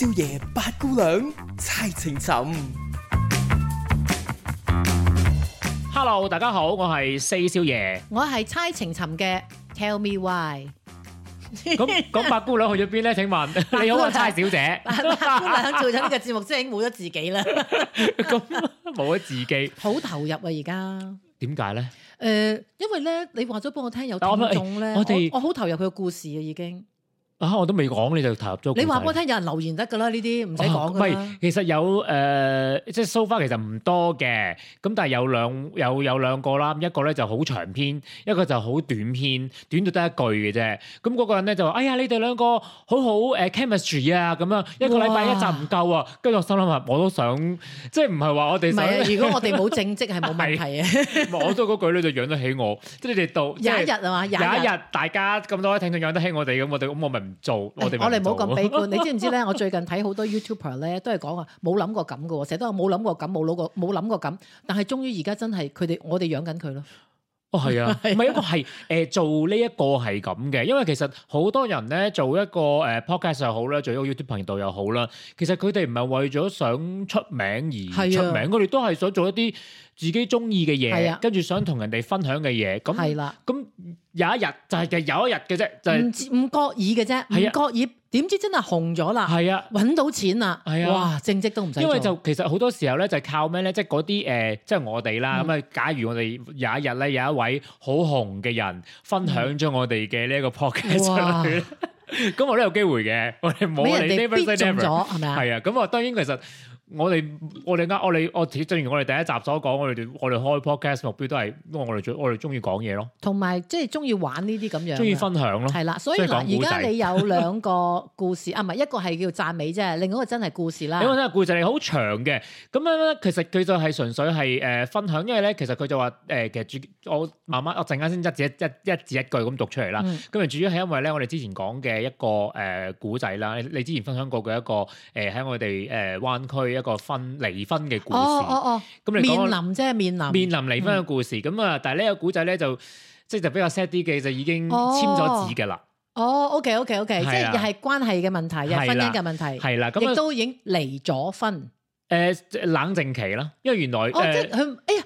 少爺，八姑娘，猜情尋。Hello，大家好，我係四少爺。我係猜情尋嘅，Tell me why。咁咁，八姑娘去咗邊咧？請問 你好啊，猜小姐。八姑娘做咗呢個節目，即係已經冇咗自己啦。咁冇咗自己，好投入啊！而家點解咧？誒、呃，因為咧，你話咗幫我聽有聽眾咧，我好投入佢嘅故事啊，已經。啊！我都未講你就投入咗。你話俾我聽，有人留言得噶啦，呢啲唔使講噶啦。唔係，其實有誒，即係 so far 其實唔多嘅，咁但係有兩有有兩個啦，一個咧就好長篇，一個就好短篇，短到得一句嘅啫。咁嗰個人咧就話：哎呀，你哋兩個好好誒 chemistry 啊！咁樣一個禮拜一集唔夠啊！跟住我心諗話，我都想即係唔係話我哋？唔係，如果我哋冇正職係冇問題啊！攞到嗰句你就養得起我，即係你哋到有一日啊嘛，有一日大家咁多位聽眾養得起我哋咁，我哋咁我明。做我哋，我哋冇咁悲觀。你知唔知咧？我最近睇好多 YouTuber 咧，都係講話，冇諗過咁嘅喎，成日都話冇諗過咁，冇諗過冇諗過咁。但係終於而家真係佢哋，我哋養緊佢咯。哦，係啊，唔係一個係誒做呢一個係咁嘅，因為其實好多人咧做一個誒 Podcast 又好啦，做一個 YouTube 頻道又好啦。其實佢哋唔係為咗想出名而出名，佢哋都係想做一啲。自己中意嘅嘢，跟住想同人哋分享嘅嘢，咁咁有一日就係嘅，有一日嘅啫，就係唔覺意嘅啫，唔覺意點知真係紅咗啦，係啊，揾到錢啦，係啊，正職都唔使做。因為就其實好多時候咧，就係靠咩咧，即係嗰啲誒，即係我哋啦。咁啊，假如我哋有一日咧，有一位好紅嘅人分享咗我哋嘅呢一個 Podcast 出嚟，咁我都有機會嘅，我哋冇我哋咗係咪啊？係啊，咁啊，當然其實。我哋我哋而家我哋我正如我哋第一集所講，我哋我哋開 podcast 目標都係，因為我哋最我哋中意講嘢咯，同埋即係中意玩呢啲咁樣，中意分享咯，係啦，所以嗱，而家你有兩個故事 啊，唔係一個係叫讚美啫，另一個真係故事啦，因為呢個真係故事你好長嘅，咁咧其實佢就係純粹係誒分享，因為咧其實佢就話誒其實主我慢慢我陣間先一字一一字一句咁讀出嚟啦，咁樣主要係因為咧我哋之前講嘅一個誒古仔啦，你之前分享過嘅一個誒喺我哋誒灣區。一個分離婚嘅故事，哦哦哦，咁你面臨即係面臨面臨離婚嘅故事，咁啊，但係呢個古仔咧就即係就比較 sad 啲嘅，就已經簽咗字嘅啦。哦，OK OK OK，即係又係關係嘅問題，又係婚姻嘅問題，係啦，亦都已經離咗婚。誒，冷靜期啦，因為原來誒，哎呀。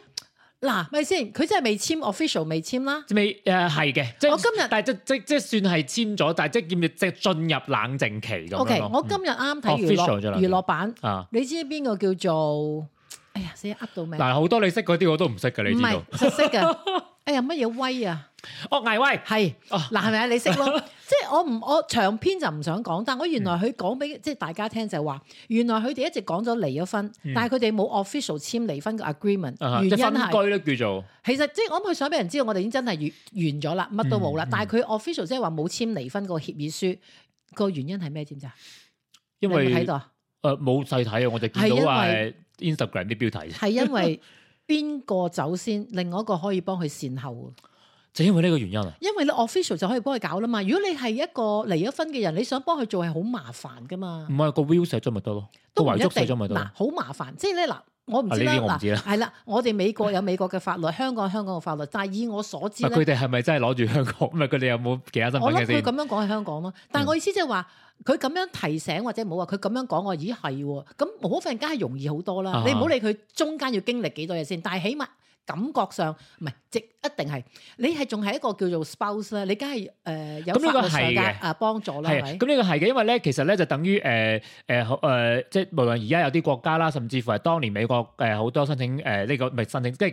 嗱，咪先、啊，佢真係未簽 official，未簽啦。未誒，係、呃、嘅，即係我今日。但係即即即算係簽咗，但係即意味即進入冷靜期咁。O、okay, K，我今日啱啱睇娛樂、嗯、娛樂版，嗯、你知邊個叫做？哎呀，死呃到未？嗱，好多你識嗰啲我都唔識嘅，你知道？唔係，識嘅。 哎呀，乜嘢威啊！哦，艾威係，嗱係咪啊？你識咯，即係我唔我長篇就唔想講，但係我原來佢講俾即係大家聽就係話，原來佢哋一直講咗離咗婚，但係佢哋冇 official 簽離婚嘅 agreement，原因係分居咧，叫做。其實即係我諗佢想俾人知道，我哋已經真係完完咗啦，乜都冇啦。但係佢 official 即係話冇簽離婚個協議書，個原因係咩？知唔知啊？因為睇到，誒，冇細睇啊，我就見到話 Instagram 啲標題，係因為邊個走先，另外一個可以幫佢善後。就因為呢個原因啊，因為你 official 就可以幫佢搞啦嘛。如果你係一個離咗婚嘅人，你想幫佢做係好麻煩噶嘛。唔係、個 will 寫咗咪得咯，都遺囑寫咗咪得。好麻煩，即係咧嗱，我唔知啦，嗱喏，係啦喏，我哋美國有美國嘅法律， 香港有香港嘅法律，但係以我所知佢哋係咪真係攞住香港？唔係佢哋有冇其他身份，我覺得佢咁樣講係香港咯。但係我意思即係話，佢咁、嗯、樣提醒或者冇話，佢咁樣講話，咦係喎？咁冇婚家係容易好多啦。啊、你唔好理佢中間要經歷幾多嘢先，但係起碼。感覺上唔係，即一定係你係仲係一個叫做 spouse 咧，你梗係誒有咁呢個係嘅啊幫助啦，係咪？咁呢個係嘅，因為咧其實咧就等於誒誒誒，即無論而家有啲國家啦，甚至乎係當年美國誒好多申請誒呢個唔係申請即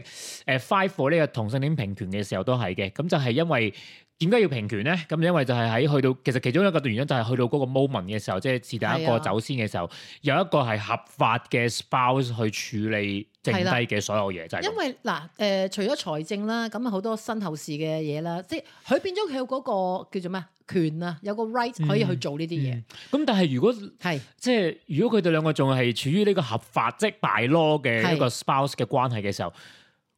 誒 five 呢個同性戀平權嘅時候都係嘅，咁就係因為點解要平權咧？咁因為就係喺去到其實其中一個原因就係去到嗰個 moment 嘅時候，即係自第一個走先嘅時候，有一個係合法嘅 spouse 去處理。剩低嘅所有嘢就係因為嗱，誒，除咗財政啦，咁好多身後事嘅嘢啦，即係佢變咗佢有個叫做咩啊權啊，有個 right 可以去做呢啲嘢。咁但係如果係即係如果佢哋兩個仲係處於呢個合法即係 by law 嘅一個 spouse 嘅關係嘅時候，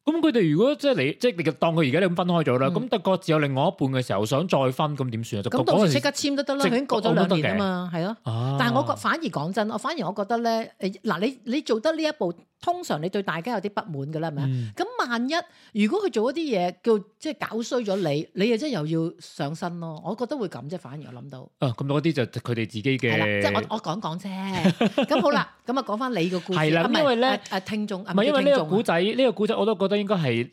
咁佢哋如果即係你即係當佢而家咁分開咗啦，咁得個只有另外一半嘅時候想再分，咁點算啊？咁到時即刻簽都得啦，已經過咗兩年啊嘛，係咯。但係我覺反而講真，我反而我覺得咧，誒嗱，你你做得呢一步。通常你對大家有啲不滿㗎啦，係咪咁？萬一如果佢做一啲嘢叫即係搞衰咗你，你又真係又要上身咯。我覺得會咁啫，反而我諗到。啊，咁嗰啲就佢哋自己嘅。係啦，即係我我講講啫。咁好啦，咁啊講翻你個故事。係啦，因為咧誒聽眾啊，唔係因為呢個古仔呢個古仔我都覺得應該係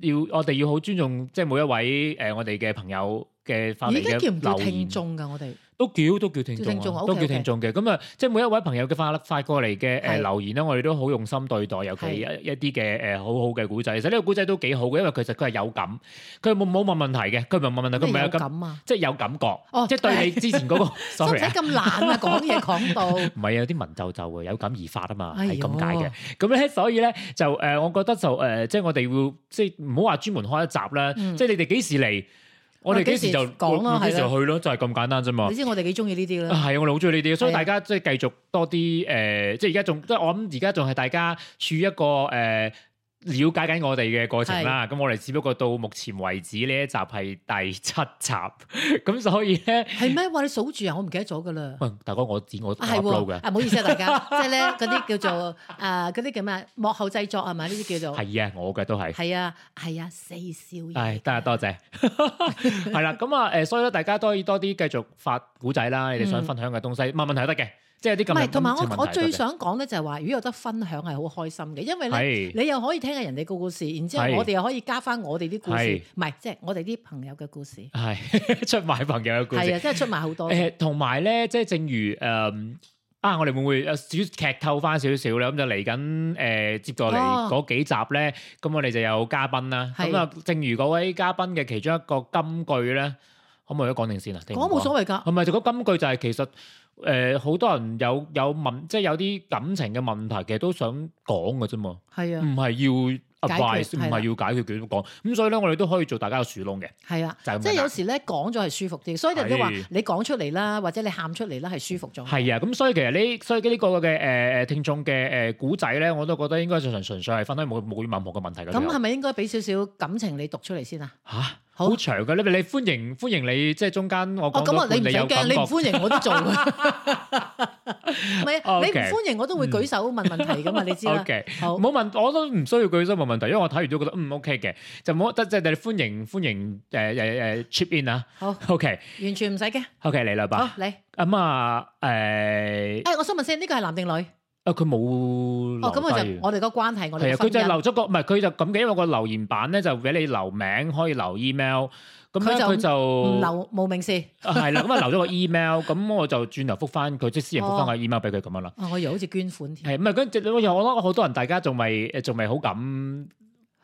要要我哋要好尊重即係每一位誒我哋嘅朋友嘅發言嘅。叫唔叫聽眾㗎，我哋？都叫都叫聽眾，都叫聽眾嘅。咁啊，即係每一位朋友嘅發甩發過嚟嘅誒留言咧，我哋都好用心對待。尤其一一啲嘅誒好好嘅古仔，其實呢個古仔都幾好嘅，因為其實佢係有感，佢冇冇問問題嘅，佢唔係問問題，佢唔係有感，即係有感覺，即係對你之前嗰個。小姐咁懶啊，講嘢講到。唔係啊，有啲文就就會，有感而發啊嘛，係咁解嘅。咁咧，所以咧就誒，我覺得就誒，即係我哋會即係唔好話專門開一集啦。即係你哋幾時嚟？我哋幾時就講吧時就去咯，了就係咁簡單啫嘛。你知我哋幾中意呢啲啦。係，我老中意呢啲，的所以大家即係繼續多啲誒、呃，即係而家仲即係我諗，而家仲係大家處一個誒。呃了解緊我哋嘅過程啦，咁我哋只不過到目前為止呢一集係第七集，咁所以咧係咩？哇！你數住啊，我唔記得咗噶啦。喂，大哥，我知我 upload 嘅，啊，唔好意思啊，大家，即係咧嗰啲叫做誒，嗰啲叫咩幕後製作係咪？呢啲叫做係啊，我嘅都係。係啊，係啊，四少爺，得啊，多謝。係啦，咁啊，誒，所以咧，大家都可以多啲繼續發古仔啦，你哋想分享嘅東西，問問題得嘅。即係啲咁，唔係同埋我我最想講咧，就係話，如果有得分享係好開心嘅，因為咧你又可以聽下人哋個故事，然之後我哋又可以加翻我哋啲故事，唔係即係我哋啲朋友嘅故事，係出賣朋友嘅故事，係啊，真係出賣好多。誒，同埋咧，即係正如誒啊，我哋會唔會小劇透翻少少咧？咁就嚟緊誒，接過嚟嗰幾集咧，咁我哋就有嘉賓啦。咁啊，正如嗰位嘉賓嘅其中一個金句咧。咁我而家講定先啊，講冇所謂噶。係咪就講金句就係其實誒，好多人有有問，即係有啲感情嘅問題，其實都想講嘅啫嘛。係啊，唔係要解決，唔係要解決佢點講。咁所以咧，我哋都可以做大家嘅樹窿嘅。係啊，就係即係有時咧講咗係舒服啲，所以人哋話你講出嚟啦，或者你喊出嚟啦係舒服咗。係啊，咁所以其實呢，所以呢個個嘅誒誒聽眾嘅誒古仔咧，我都覺得應該就純純粹係分開冇冇任何嘅問題。咁係咪應該俾少少感情你讀出嚟先啊？嚇！好長嘅，你你歡迎歡迎你，即係中間我講，哦咁啊，你唔使驚，你唔歡迎我都做，唔係，你唔歡迎我都會舉手問問題噶嘛， okay, 你知啦。好，冇問我都唔需要舉手問問題，因為我睇完都覺得嗯 OK 嘅，就冇得，即、就、係、是、你係歡迎歡迎誒誒誒 chip in 啊好。好，OK，完全唔使驚，OK 嚟啦吧？你？咁啊誒，誒、嗯 uh, 哎欸，我想問先，呢、這個係男定女？啊！佢冇哦，咁佢就我哋個關係，我哋係啊，佢就留咗個，唔係佢就咁嘅，因為個留言版咧就俾你留名，可以留 email，咁、嗯、咧佢就，、啊、就留冇名先，係 啦、啊，咁啊、嗯、留咗個 email，咁 我就轉頭覆翻佢，即係私人覆翻個 email 俾佢咁樣啦。哦，我又好似捐款添，係唔係？咁即我我覺得好多人，大家仲未誒，仲未好敢。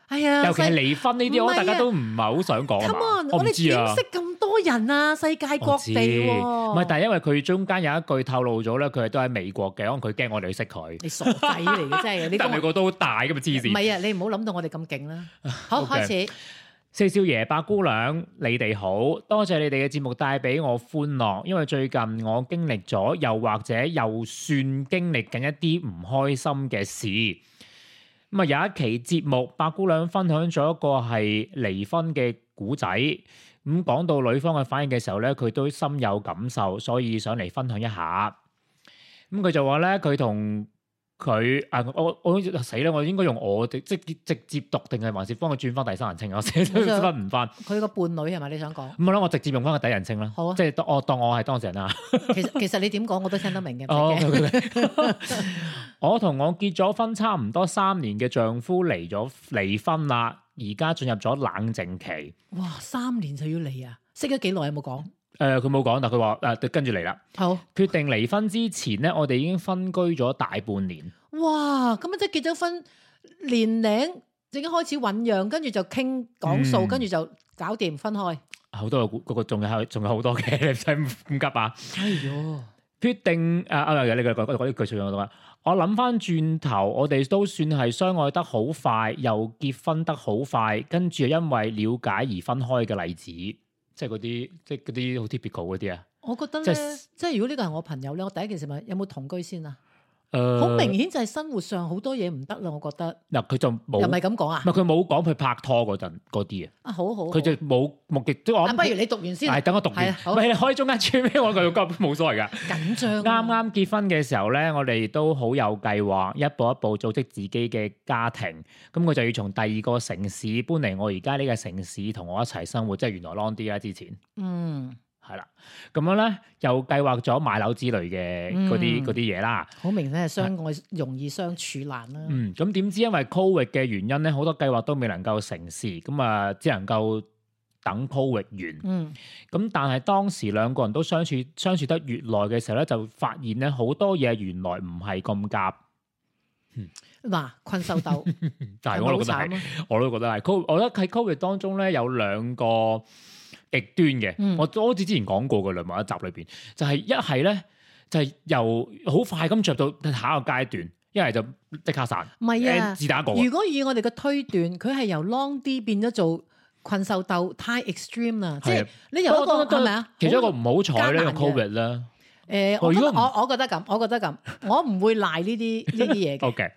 係、哎、啊，尤其係離婚呢啲，我大家都唔係好想講。Come on, 我哋點、啊、識咁多人啊，世界各地、啊。唔係，但係因為佢中間有一句透露咗咧，佢係都喺美國嘅，可能佢驚我哋去識佢。 你傻仔嚟嘅真係，你美國都大㗎嘛痴線。唔係啊，你唔好諗到我哋咁勁啦。好 Okay 開始，四少爺八姑娘，你哋好，多謝你哋嘅節目帶俾我歡樂，因為最近我經歷咗，又或者又算經歷緊一啲唔開心嘅事。咁啊有一期節目，白姑娘分享咗一個係離婚嘅古仔，咁講到女方嘅反應嘅時候咧，佢都深有感受，所以想嚟分享一下。咁佢就話咧，佢同。佢啊，我我死啦！我應該用我哋即直接讀定係還是幫佢轉翻第三人稱啊？寫都分唔翻。佢個說伴侶係咪你想講？唔係啦，我直接用翻個第一人稱啦。好啊，即係我當我係當事人啊 。其實其實你點講我都聽得明嘅。 我同 我，我結咗婚差唔多三年嘅丈夫離咗離婚啦，而家進入咗冷靜期。哇！三年就要離啊？識咗幾耐有冇講？誒，佢冇講，但佢話誒，跟住嚟啦。好，oh. 決定離婚之前咧，我哋已經分居咗大半年。哇，咁啊，即係結咗婚，年齡已經開始醞釀，跟住就傾講數，嗯、跟住就搞掂分開。好多嗰個仲有仲有好多嘅，你唔急啊？哎喲了，決定誒，啊有呢個講講句重話。我諗翻轉頭，我哋都算係相愛得好快，又結婚得好快，跟住因為了解而分開嘅例子。即係嗰啲，即係嗰啲好 typical 嗰啲啊！就是、我覺得即係、就是、如果呢個係我朋友咧，我第一件事問有冇同居先啊？好、呃、明顯就係生活上好多嘢唔得啦，我覺得嗱，佢就冇、又唔係咁講啊，唔係佢冇講佢拍拖嗰陣嗰啲啊，啊好好，佢就冇目的都、即係、我、啊，不如你讀完先，係、哎、等我讀完，唔係、啊、可以中間穿咩我繼續講都冇所謂噶，緊張、啊，啱啱結婚嘅時候咧，我哋都好有計劃，一步一步組織自己嘅家庭，咁佢就要從第二個城市搬嚟我而家呢個城市同我一齊生活，即係原來 long 啲啦之前，嗯。係、嗯、啦，咁樣咧又計劃咗買樓之類嘅嗰啲啲嘢啦，好明顯係相愛容易相處難啦、啊。嗯，咁點知因為 Covid 嘅原因咧，好多計劃都未能夠成事，咁啊只能夠等 Covid 完。嗯，咁但係當時兩個人都相處相處得越耐嘅時候咧，就發現咧好多嘢原來唔係咁夾。嗱、嗯，困獸鬥， 但係是 我都覺得係，我都覺得係。Cov，我咧喺 Covid 當中咧有兩個。極端嘅，我我好似之前講過嘅，啦，某一集裏邊就係一係咧，就係由好快咁着到下一個階段，一係就即刻散。唔係啊，自打講。如果以我哋嘅推斷，佢係由 long 啲變咗做困獸鬥，太 extreme 啦。即係你由一個咩啊？其中一個唔好彩咧，就 covid 啦。誒，我我我覺得咁，我覺得咁，我唔會賴呢啲呢啲嘢嘅。OK，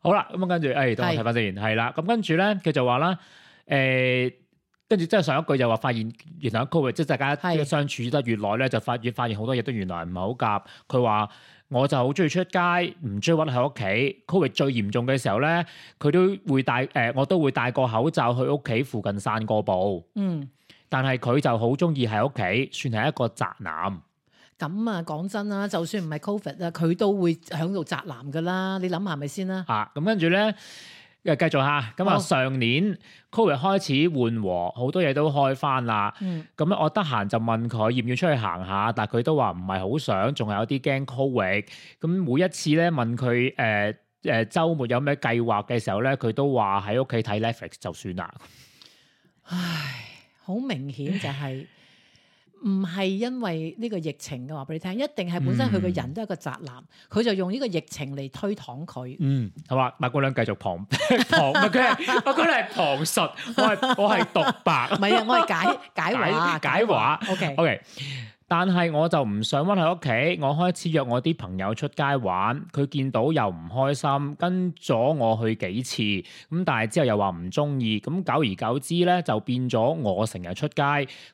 好啦，咁跟住，誒，我睇翻之前係啦，咁跟住咧，佢就話啦，誒。跟住真係上一句就話發現原來 COVID，即係大家一相處得越耐咧，是就發越發現好多嘢都原來唔係好夾。佢話我就好中意出街，唔中意屈喺屋企。COVID 最嚴重嘅時候咧，佢都會戴誒、呃，我都會戴個口罩去屋企附近散個步。嗯，但係佢就好中意喺屋企，算係一個宅男。咁啊、嗯，講真啦，就算唔係 COVID 啦，佢都會響度宅男噶啦。你諗下咪先啦？啊，咁跟住咧。又繼續嚇，咁啊上年 Covid 開始緩和，好多嘢都開翻啦。咁、嗯、我得閒就問佢要唔要出去行下，但係佢都話唔係好想，仲係有啲驚 Covid。咁每一次咧問佢誒誒週末有咩計劃嘅時候咧，佢都話喺屋企睇 Netflix 就算啦。唉，好明顯就係、是。 唔係因為呢個疫情嘅話，俾你聽，一定係本身佢個人都係個宅男，佢、嗯、就用呢個疫情嚟推搪佢。嗯，好啦，麥姑娘繼續旁 旁，佢係麥姑娘係旁述，我係我係獨白。唔係啊，我係解解話解話。O K O K。Okay. 但係我就唔想溫喺屋企，我開始約我啲朋友出街玩，佢見到又唔開心，跟咗我去幾次，咁但係之後又話唔中意，咁久而久之咧就變咗我成日出街，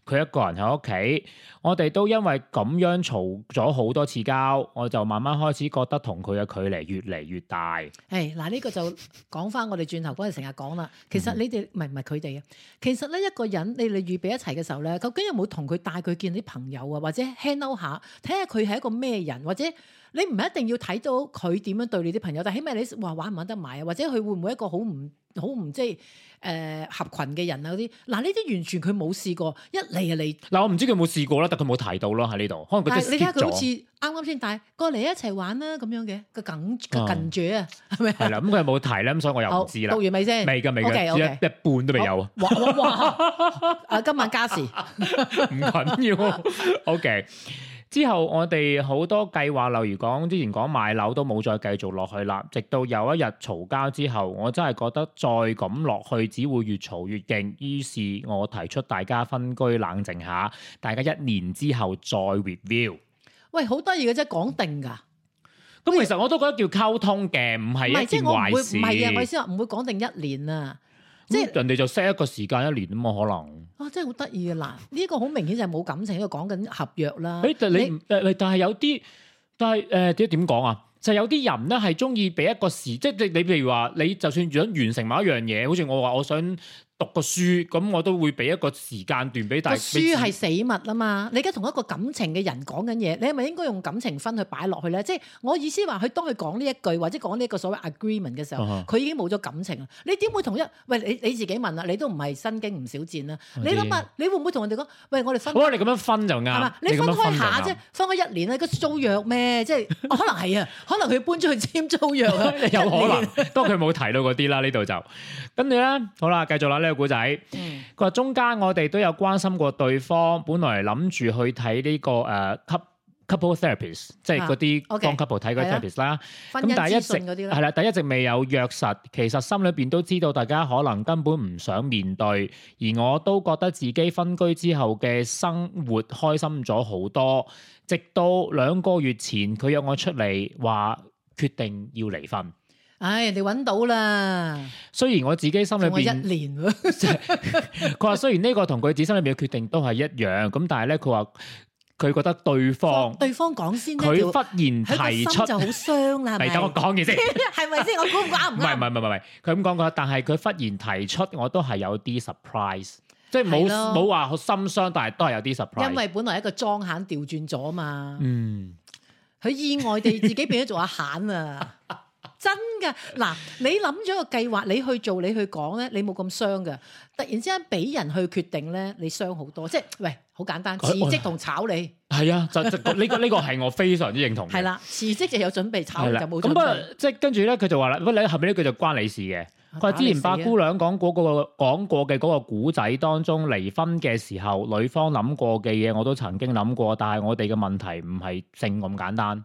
佢一個人喺屋企，我哋都因為咁樣嘈咗好多次交，我就慢慢開始覺得同佢嘅距離越嚟越大。誒，嗱、這、呢個就講翻我哋轉頭嗰陣成日講啦，其實你哋唔係唔係佢哋啊，其實咧一個人你哋預備一齊嘅時候咧，究竟有冇同佢帶佢見啲朋友啊？或者 handle 下，睇下佢係一個咩人，或者你唔係一定要睇到佢點樣對你啲朋友，但起碼你話玩唔玩得埋啊？或者佢會唔會一個好唔好唔即係？誒、呃，合群嘅人啊，嗰啲，嗱呢啲完全佢冇試過，一嚟就嚟。嗱、呃，我唔知佢有冇試過啦，但佢冇提到囉，喺呢度，可能佢你睇下佢好似啱啱先帶過嚟一齊玩啦咁樣嘅，個梗近住啊，係咪？係啦、嗯，咁佢冇提咧，咁所以我又唔知啦。好，報完未先？未㗎，未㗎 Okay, okay.，一半都未有啊。哇哇哇，哇！啊，今晚加時。唔緊 要 ，OK。之後我哋好多計劃，例如講之前講買樓都冇再繼續落去啦。直到有一日嘈交之後，我真係覺得再咁落去只會越嘈越勁。於是我提出大家分居冷靜下，大家一年之後再 review。喂，好得意嘅啫，講定㗎。咁其實我都覺得叫溝通嘅，唔係唔係即係我唔會，唔係啊，我意思話唔會講定一年啊，即係人哋就 set 一個時間一年咁啊，可能。哇！真係好得意啊！嗱，呢、這、一個好明顯就係冇感情，因為講緊合約啦。誒、欸，但你誒但係有啲，但係誒點點講啊？就係、是、有啲人咧，係中意俾一個時，即、就、係、是、你你譬如話，你就算想完成某一樣嘢，好似我話，我想。讀個書咁，我都會俾一個時間段俾大家，書係死物啊嘛！你而家同一個感情嘅人講緊嘢，你係咪應該用感情分去擺落去咧？即、就、係、是、我意思話，佢當佢講呢一句或者講呢一個所謂 agreement 嘅時候，佢、嗯、哼已經冇咗感情啦。你點會同一喂？你你自己問啦，你都唔係身經唔少戰啦。嗯、哼你諗下，你會唔會同人哋講喂？我哋分喂、啊，你咁樣分就啱。你分開下啫，分開一年啦，個租約咩？即、就、係、是、 可能係啊，可能佢搬出去簽租約 有可能，當佢冇提到嗰啲啦， 呢度就跟住咧，好啦，繼續啦，古仔，佢話、嗯、中間我哋都有關心過對方，本來諗住去睇呢、這個誒 couple couple therapist，即係嗰啲幫 couple 睇嗰啲 therapist 啦、啊。咁、啊、但係一直係啦，但係一直未有約實。其實心裏邊都知道大家可能根本唔想面對，而我都覺得自己分居之後嘅生活開心咗好多。直到兩個月前，佢約我出嚟話決定要離婚。唉，人哋揾到啦！雖然我自己心裏邊我一年，佢話雖然呢個同佢自己心裏邊嘅決定都係一樣，咁但係咧，佢話佢覺得對方對方講先，佢忽然提出就好傷啦。係，等我講嘅先，係咪先？我估唔估唔啱？唔係唔係唔係唔係，佢咁講過，但係佢忽然提出，我都係有啲 surprise，即係冇冇話好心傷，但係都係有啲 surprise。因為本來一個莊閒調轉咗嘛，嗯，佢意外地自己變咗做阿閒啊。真嘅嗱，你諗咗個計劃，你去做，你去講咧，你冇咁傷嘅。突然之間俾人去決定咧，你傷好多。即係喂，好簡單，辭職同炒你。係啊、哎呀， 就呢、這個呢、這個係我非常之認同。係啦， 辭職就有準備，炒呀就冇。咁啊，即係跟住咧，佢就話啦，喂，你後邊呢句就關你事嘅。佢話之前八姑娘講嗰、那個講過嘅個古仔當中，離婚嘅時候女方諗過嘅嘢，我都曾經諗過。但係我哋嘅問題唔係性咁簡單，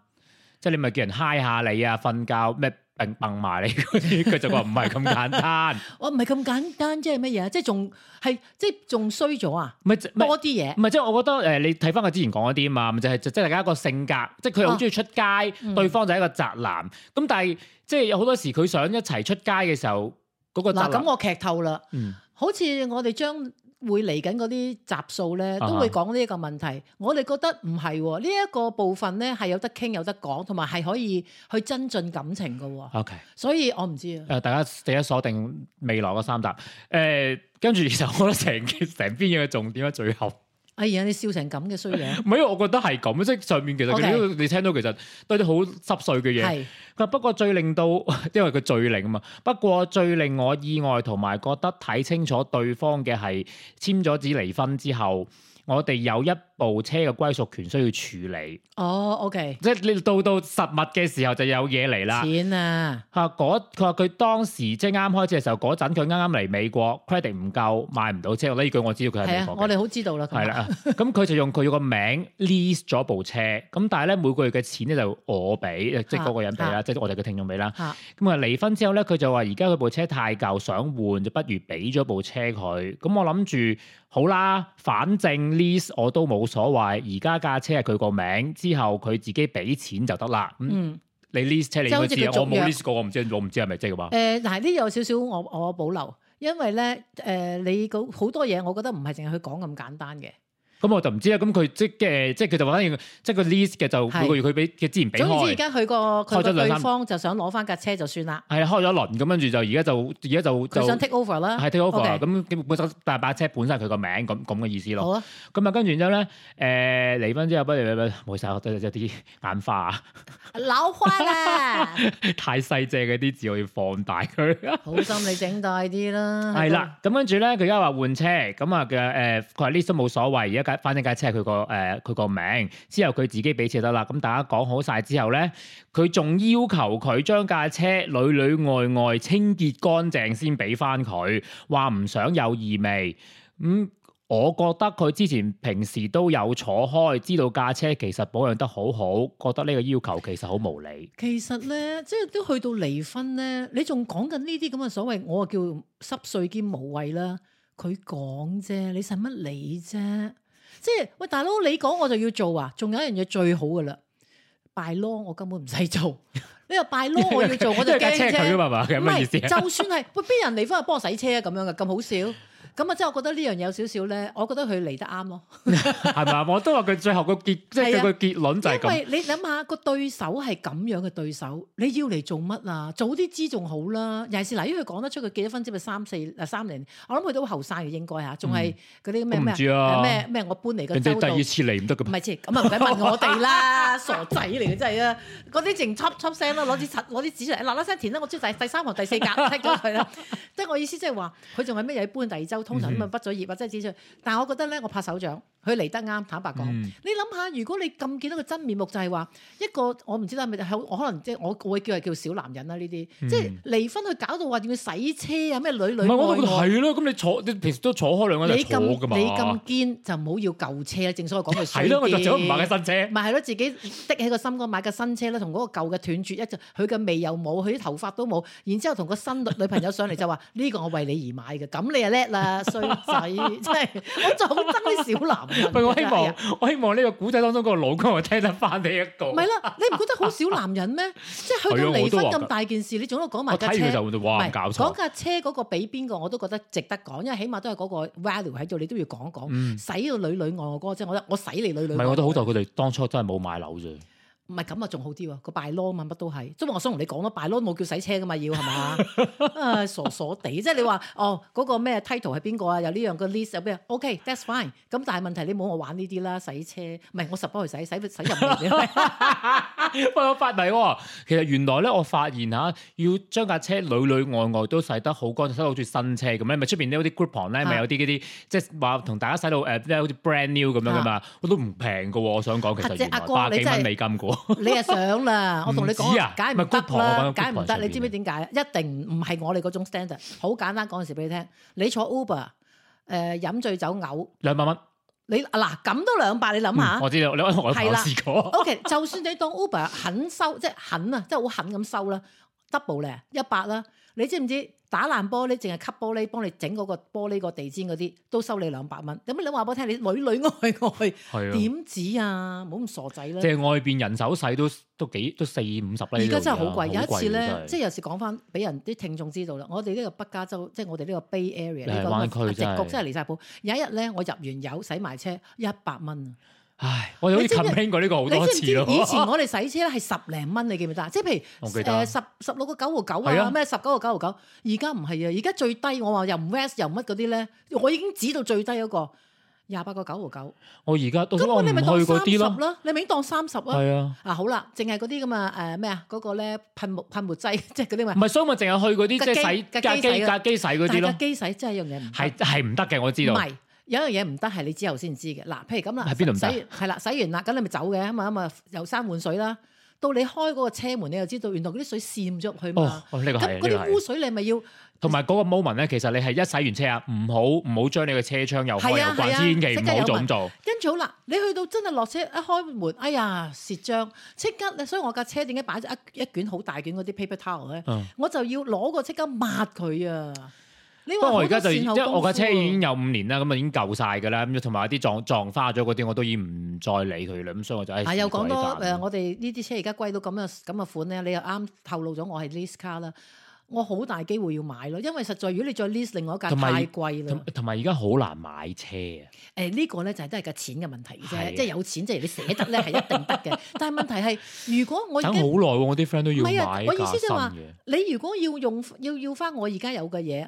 即係你咪叫人嗨下你啊，瞓覺咩？掟掟埋你，啲，佢就話唔係咁簡單、 哦。我唔係咁簡單，即係乜嘢啊？即係仲係，即係仲衰咗啊？唔係是多啲嘢。唔係即係我覺得，誒、呃，你睇翻我之前講嗰啲啊嘛，咪就係即係大家一個性格，即係佢好中意出街，啊、對方就係一個宅男。咁、嗯、但係即係有好多時佢想一齊出街嘅時候，嗰個嗱咁、啊、我劇透啦，嗯，好似我哋將會嚟緊嗰啲集數咧，都會講呢一個問題。啊、我哋覺得唔係呢一個部分咧，係有得傾有得講，同埋係可以去增進感情噶、哦。OK，所以我唔知啊。誒、呃，大家第一鎖定未來嗰三集。誒、呃，跟住其實我覺得成成邊嘢嘅重點樣最後？哎呀！你笑成咁嘅衰樣，唔係， 我覺得係咁，即係上面其實 Okay. 你聽到，其實都係啲好濕碎嘅嘢。係是，佢話不過最令到，因為佢最令啊嘛。不過最令我意外同埋覺得睇清楚對方嘅係簽咗紙離婚之後。我哋有一部車嘅歸屬權需要處理。哦、oh,，OK，即係你到到實物嘅時候就有嘢嚟啦。錢啊，吓嗰佢話佢當時即係啱開始嘅時候嗰陣佢啱啱嚟美國，credit 唔夠，買唔到車。呢句我知道佢係美國、係啊、我哋好知道啦。係啦，咁佢就用佢個名 lease 咗部車，咁但係咧每個月嘅錢咧就我俾，即係嗰個人俾啦，啊、即係我哋嘅聽眾俾啦。咁啊離、啊嗯、婚之後咧，佢就話而家佢部車太舊，想換，就不如俾咗部車佢。咁、嗯、我諗住。好啦，反正 lease 我都冇所謂，而家架車係佢個名，之後佢自己俾錢就得啦。嗯，嗯你 lease 車你我冇 lease 過，我唔知，我唔知係咪真㗎嘛？誒、呃，嗱呢有少少我我保留，因為咧誒、呃，你好多嘢，我覺得唔係淨係佢講咁簡單嘅。咁、嗯、我就唔知啦。咁佢即嘅，即係，佢就反正即係佢 lease 嘅，就每個月佢俾嘅資源俾開。總之而家佢個佢對方就想攞翻架車就算啦。係開咗一輪咁跟住就而家就而家就就想 take over 啦。係 take over 咁本嗰大把車本身係佢個名咁咁嘅意思咯。好啦、啊，咁啊跟住之後咧，誒離婚之後不如唔好意思，我、啊、都有啲眼花，啊。扭花啦！ 太細隻嗰啲字我要放大佢。好心你整大啲啦。係啦，咁跟住咧，佢而家話換車咁啊嘅誒，佢話 lease 都冇所謂啊。反正架車係佢個誒，佢、呃、個名之後佢自己俾錢得啦。咁大家講好晒之後咧，佢仲要求佢將架車裏裏外外清潔乾淨先俾翻佢，話唔想有異味。咁、嗯、我覺得佢之前平時都有坐開，知道架車其實保養得好好，覺得呢個要求其實好無理。其實咧，即、就、係、是、都去到離婚咧，你仲講緊呢啲咁嘅所謂，我叫濕碎兼無謂啦。佢講啫，你使乜理啫？即係喂，大佬你講我就要做啊！仲有一樣嘢最好噶啦，拜佬我根本唔使做。你話拜佬我要做， 他我就驚啫。啊嘛，係咪是？唔係， 就算係喂，邊人嚟返去，又幫我洗車咁樣嘅，咁好笑。咁啊，即係我覺得呢樣嘢有少少咧，我覺得佢嚟得啱咯，係咪？我都話佢最後個結，即係個結論就係咁。喂，你諗下個對手係咁樣嘅對手，你要嚟做乜啊？早啲知仲好啦，尤其是嗱，因為佢講得出佢幾多分，之唔三四三零？我諗佢都後生嘅應該嚇，仲係嗰啲咩咩咩我搬嚟個週人哋第二次嚟唔得咁，唔係即係咁啊？唔使問我哋啦，傻仔嚟嘅真係啊！嗰啲淨插插聲啦，攞啲攞啲紙嚟嗱嗱聲填啦，我知第三行第四格剔咗佢啦。即係我意思，即係話佢仲係咩嘢搬第二周。通常咁啊，畢咗業或者至少，但係我覺得咧，我拍手掌，佢嚟得啱。坦白講，嗯、你諗下，如果你咁見到個真面目，就係、是、話一個我唔知咧，係咪我可能即係我會叫佢叫小男人啦呢啲，嗯、即係離婚去搞到話點樣洗車啊？咩女女唔我，我覺得係咯。咁你坐你平時都坐開兩個人坐嘅嘛？你咁堅就唔好要，要舊車啦。正所謂講嘅係咯，我就整唔買嘅新車。咪係咯，自己的起個心肝買個新車啦，同嗰個舊嘅斷絕一陣，佢嘅味又冇，佢啲頭髮都冇。然之後同個新女朋友上嚟就話：呢、 呢個我為你而買嘅，咁你啊叻啦！衰仔，真係我就好憎啲小男人。唔係我希望，我希望呢個古仔當中個老公我聽得翻你一個。唔係啦，你唔覺得好小男人咩？即係去到離婚咁大件事，你總要講埋架車。我睇完就哇，搞錯講架車嗰個俾邊個我都覺得值得講，因為起碼都係嗰個 value 喺度，你都要講一講。洗個女女外哥，即係我覺得我使你女女。唔係，我都好在佢哋當初都係冇買樓啫。唔係咁啊，仲好啲喎，個拜囉嘛，乜 都係。即係我想同你講咯，拜囉冇叫洗車噶嘛，要係嘛？啊、uh,，傻傻地，即係你話哦，嗰、那個咩 title 係邊個啊？有呢、這、樣個 list、那個、有咩？OK，that's、okay, fine。咁但係問題你冇我玩呢啲啦，洗車唔係我十波去洗，洗洗入面。我發迷喎、哦，其實原來咧，我發現吓要將架車裏裏外外都洗得好乾淨，洗到好似新車咁咧，咪出邊都有啲 group on 咧、啊，咪有啲嗰啲即係話同大家洗到誒，即係好似 brand new 咁樣噶嘛，啊、我都唔平噶。我想講其實百幾蚊美金 你啊，想啦？我同你講，梗係唔得啦，梗係唔得啊。你知唔知點解？一定唔係我哋嗰種 standard。好簡單講件事俾你聽，你坐 Uber，誒、呃，飲醉酒嘔，兩百蚊。你嗱咁都兩百，你諗下。我知道，你兩百我試過。OK，就算你當 Uber 狠收，即係狠啊，即係好狠咁收啦，double 咧，一百啦。你知唔知打爛玻璃，淨係吸玻璃，幫你整嗰個玻璃個地氈嗰啲，都收你兩百蚊。咁你話俾我聽？你女女愛愛點是的 止啊？唔好咁傻仔啦！即係外邊人手細，都都幾都四五十啦。而家真係好貴。貴有一次咧，即係有時講翻俾人啲聽眾知道啦。我哋呢個北加州，即係我哋呢個 Bay Area 呢、呢個區域，直轄真係離曬譜。有一日咧，我入完油洗埋車，一百蚊。唉，我哋好似 complain 過呢個好多次咯。以前我哋洗車咧係十零蚊，你記唔記得啊？即係譬如誒十十六個九毫九啊，咩十九個九毫九。而家唔係啊，而家最低我話又唔 wash 又乜嗰啲咧，我已經指到最低嗰個廿八個九毫九。我而家都都唔去嗰啲啦，你咪當三十咯，係啊。啊好啦，淨係嗰啲咁啊誒咩啊，嗰個咧噴霧噴霧劑即係嗰啲咪唔係，所以咪淨係去嗰啲即係洗架機機洗嗰啲咯。機洗真係一樣嘢唔係係唔得嘅，我知道。有一樣嘢唔得係你之後先知嘅，嗱，譬如咁啦，喺邊度洗係啦，洗完啦，咁你咪走嘅，吖嘛吖嘛遊山玩水啦。到你開嗰個車門，你又知道，原來嗰啲水滲咗去嘛。哦，呢個係啊，係啊。咁嗰啲污水你咪要。同埋嗰個 moment 咧，其實你係一洗完車啊，唔好唔好將你個車窗又開又關，千祈唔好做咁做。跟住好啦，你去到真係落車一開門，哎呀，蝕張，即刻！所以我架車點解擺咗一一卷好大卷嗰啲 paper towel 咧？我就要攞個即刻抹佢啊！不過我而家就，即係我架車已經有五年啦，咁啊已經夠晒㗎啦，咁同埋一啲撞撞花咗嗰啲我都已經唔再理佢啦，咁所以我就係。係、啊、又講多，誒、呃，我哋呢啲車而家貴到咁嘅咁嘅款咧，你又啱透露咗我係 lease car 啦，我好大機會要買咯，因為實在如果你再 lease 另外一架太貴啦，同埋而家好難買車、欸這個就是、啊。誒呢個咧就係都係個錢嘅問題啫，即係有錢即係你捨得咧係一定得嘅， 但係問題係如果我等好耐，我啲 friend 都要買架新嘅、啊。我意思即係話，你如果要用要要翻我而家有嘅嘢。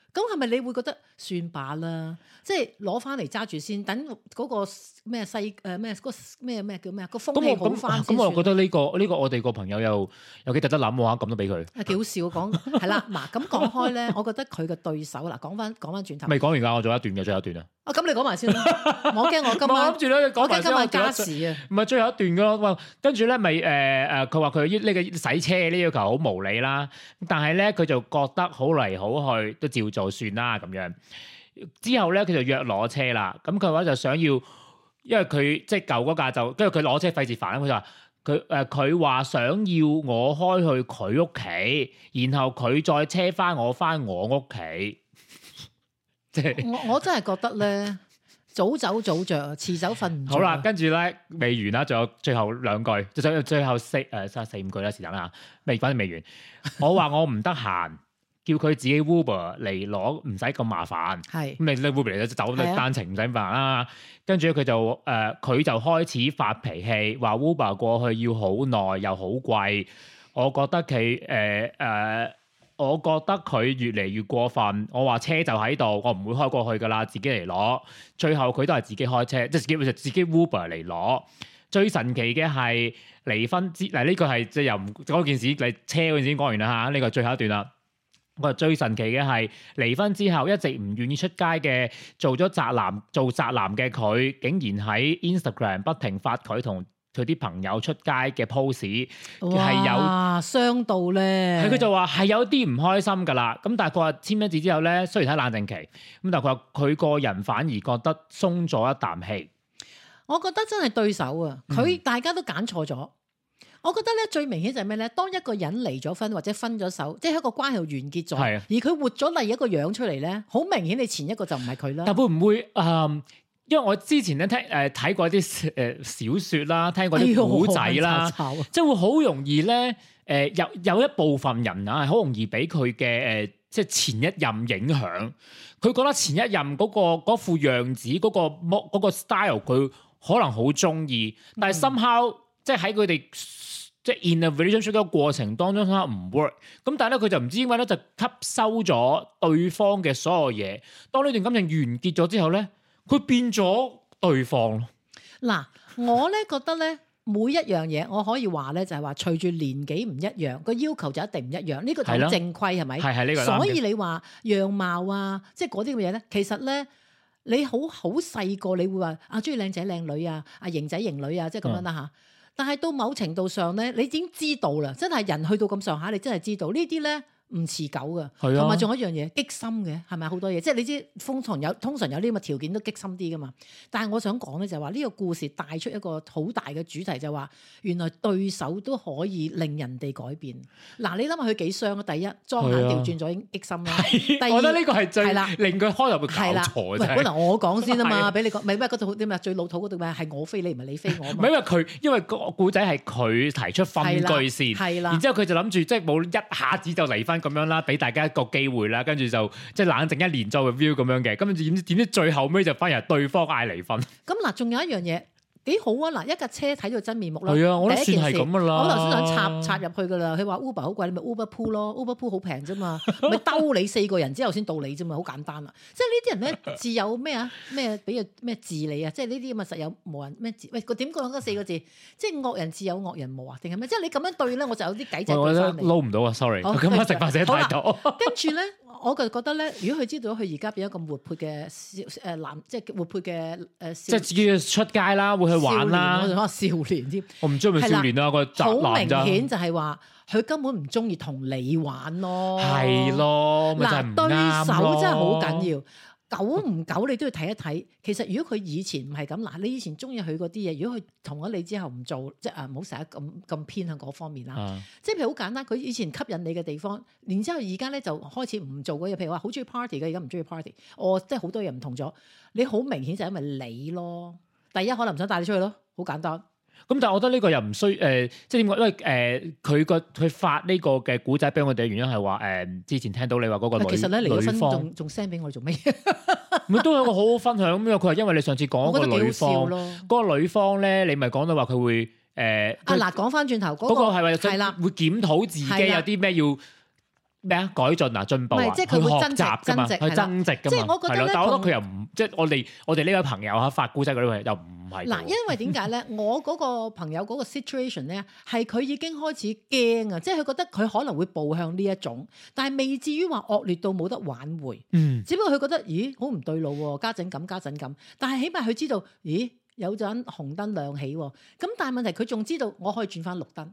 咁係咪你會覺得算罷啦？即係攞翻嚟揸住先，等嗰個咩西誒咩嗰咩咩叫咩個風氣好翻先。咁我咁咁，我覺得呢個呢個我哋個朋友又又幾特得諗嘅話，咁都俾佢。啊，幾好笑講係啦，嗱咁講開咧，我覺得佢嘅對手嗱，講翻講翻轉頭未講完噶，我做一段嘅，最後一段啊。啊，咁你講埋先啦，我驚我今晚諗住咧，我驚今晚加時啊。唔係最後一段噶，喂，跟住咧咪誒誒，佢話佢呢個洗車呢個要求好無理啦，但係咧佢就覺得好嚟好去都照做。就算啦咁樣，之後咧佢就約攞車啦。咁佢話就想要，因為佢即係舊嗰架就，跟住佢攞車費事煩啦。佢話佢誒，佢話想要我開去佢屋企，然後佢再車翻我翻我屋企。即係我我真係覺得咧， 早走早着，遲走瞓唔着。好啦，跟住咧未完啦，仲有最後兩句，最最後四誒，三、呃、四，四五句啦，時等等啦，未反正未完。 我話我唔得閒。 叫佢自己 Uber 嚟攞，唔使咁麻煩。係咁你呢 Uber 嚟就走、啊、單程，唔使煩啦。跟住佢就誒，佢、呃、就開始發脾氣，話 Uber 過去要好耐，又好貴。我覺得佢誒誒，我覺得佢越嚟越過分。我話車就喺度，我唔會開過去噶啦，自己嚟攞。最後佢都係自己開車，即係自己，就自己 Uber 嚟攞。最神奇嘅係離婚之嗱，呢、哎這個係即係又唔嗰件事你車嗰件事已講完啦吓，呢、這個係最後一段啦。佢最神奇嘅係離婚之後一直唔願意出街嘅，做咗宅男做宅男嘅佢，竟然喺 Instagram 不停發佢同佢啲朋友出街嘅 pose，係有傷到咧。佢就話係有啲唔開心噶啦。咁但係佢話簽咗字之後咧，雖然喺冷靜期，咁但係佢話佢個人反而覺得鬆咗一啖氣。我覺得真係對手啊！佢大家都揀錯咗。嗯我覺得咧，最明顯就係咩咧？當一個人離咗婚或者分咗手，即係一個關係完結咗，係啊，而佢活咗另一個樣出嚟咧，好明顯你前一個就唔係佢啦。但會唔會誒、呃，因為我之前咧聽誒睇、呃、過啲誒小説啦，聽過啲古仔啦，即係會好容易咧誒、呃、有有一部分人啊，好容易俾佢嘅誒即係前一任影響。佢覺得前一任嗰、那個嗰個嗰副樣子、嗰、嗰個 style，佢、嗰個、可能好中意，但係 somehow 即係喺佢哋。即係 innovation 出嘅過程當中，佢唔 work，咁但係咧佢就唔知點解咧就吸收咗對方嘅所有嘢。當呢段感情完結咗之後咧，佢變咗對方咯。嗱，我咧覺得咧，每一樣嘢我可以話咧，就係話隨住年紀唔一樣，個要求就一定唔一樣。呢個睇正規係咪？係係呢個。所以你話樣貌啊，即係嗰啲咁嘅嘢咧，其實咧，你好好細個你會話啊，中意靚仔靚女啊，啊型仔型女啊，即係咁樣啦吓。但係到某程度上咧，你已經知道啦，真係人去到咁上下，你真係知道呢啲咧。唔持久噶，同埋仲有一樣嘢激心嘅，係咪好多嘢？即係你知封藏有通常有啲咁嘅條件都激心啲噶嘛？但係我想講咧，就係話呢個故事帶出一個好大嘅主題，就話原來對手都可以令人哋改變。嗱，你諗下佢幾傷啊？第一莊閒調轉咗已經激心啦，第二，我覺得呢個係最令佢開頭個口錯嘅。可能我講先啊嘛，俾你講唔係咩嗰度你咩最老土嗰度咩係我飛你唔係你飛我。唔係因為佢，因為個故仔係佢提出分居先，然之後佢就諗住即係冇一下子就離婚。咁樣啦，俾大家一個機會啦，跟住就即係冷靜一年再 view 咁樣嘅，咁點知點知最後屘就反而係對方嗌離婚，嗯。咁嗱，仲有一樣嘢。幾好啊！嗱，一架車睇到真面目啦。係啊，我都算係咁噶啦。樣我頭先想插插入去噶啦。佢話 Uber 好貴，你咪 Uber Pool 咯。Uber Pool 好平啫嘛，咪兜你四個人之後先到你啫嘛，好簡單啦。即係呢啲人咧自有咩啊咩，比如咩自理啊，即係呢啲咁啊實有冇人咩字？喂，點講嗰四個字？即係惡人自有惡人磨啊，定係咩？即係你咁樣對咧，我就有啲計就對翻你。撈唔到啊！Sorry，好的我今晚食飯食太多吧。跟住咧。 我就覺得咧，如果佢知道佢而家變咗一個活潑嘅誒男，即係活潑嘅誒，呃、即係自己要出街啦，會去玩啦，可能少年啲。我唔中意少年啦，個啦男仔好明顯就係話，佢根本唔中意同你玩咯，係咯，嗱，對，對手真係好緊要。久唔久你都要睇一睇，其實如果佢以前唔係咁，嗱你以前中意佢嗰啲嘢，如果佢同咗你之後唔做，即係啊唔好成日咁咁偏向嗰方面啦。嗯、即係譬如好簡單，佢以前吸引你嘅地方，然之後而家咧就開始唔做嗰嘢。譬如話好中意 party 嘅，而家唔中意 party，我、哦、即係好多嘢唔同咗。你好明顯就係因為你咯，第一可能唔想帶你出去咯，好簡單。咁但係我覺得呢個又唔需要誒，即係點講？因為誒，佢個佢發呢個嘅古仔俾我哋嘅原因係話誒，之前聽到你話嗰個女其實咧女方仲 send 俾我哋做咩？唔係都有個好好分享咁樣。佢話因為你上次講嗰個女方，嗰個女方咧，你咪講到話佢會誒。啊嗱，講翻轉頭嗰個係咪？係啦，會檢討自己有啲咩要。咩啊？改進啊，進步啊，即係，佢學習噶嘛，佢會增值，增值，增值噶即係我覺得佢的又唔跟即係我哋我哋呢位朋友嚇發古仔嗰啲又唔係。嗱，因為點解咧？ 我嗰個朋友嗰個 situation 咧，係佢已經開始驚啊！即係佢覺得佢可能會步向呢一種，但係未至於話惡劣到冇得挽回。嗯。只不過佢覺得咦，好唔對路喎，啊，家陣咁家陣咁。但係起碼佢知道，咦，有盞紅燈亮起喎。咁但係問題佢仲知道，我可以轉翻綠燈。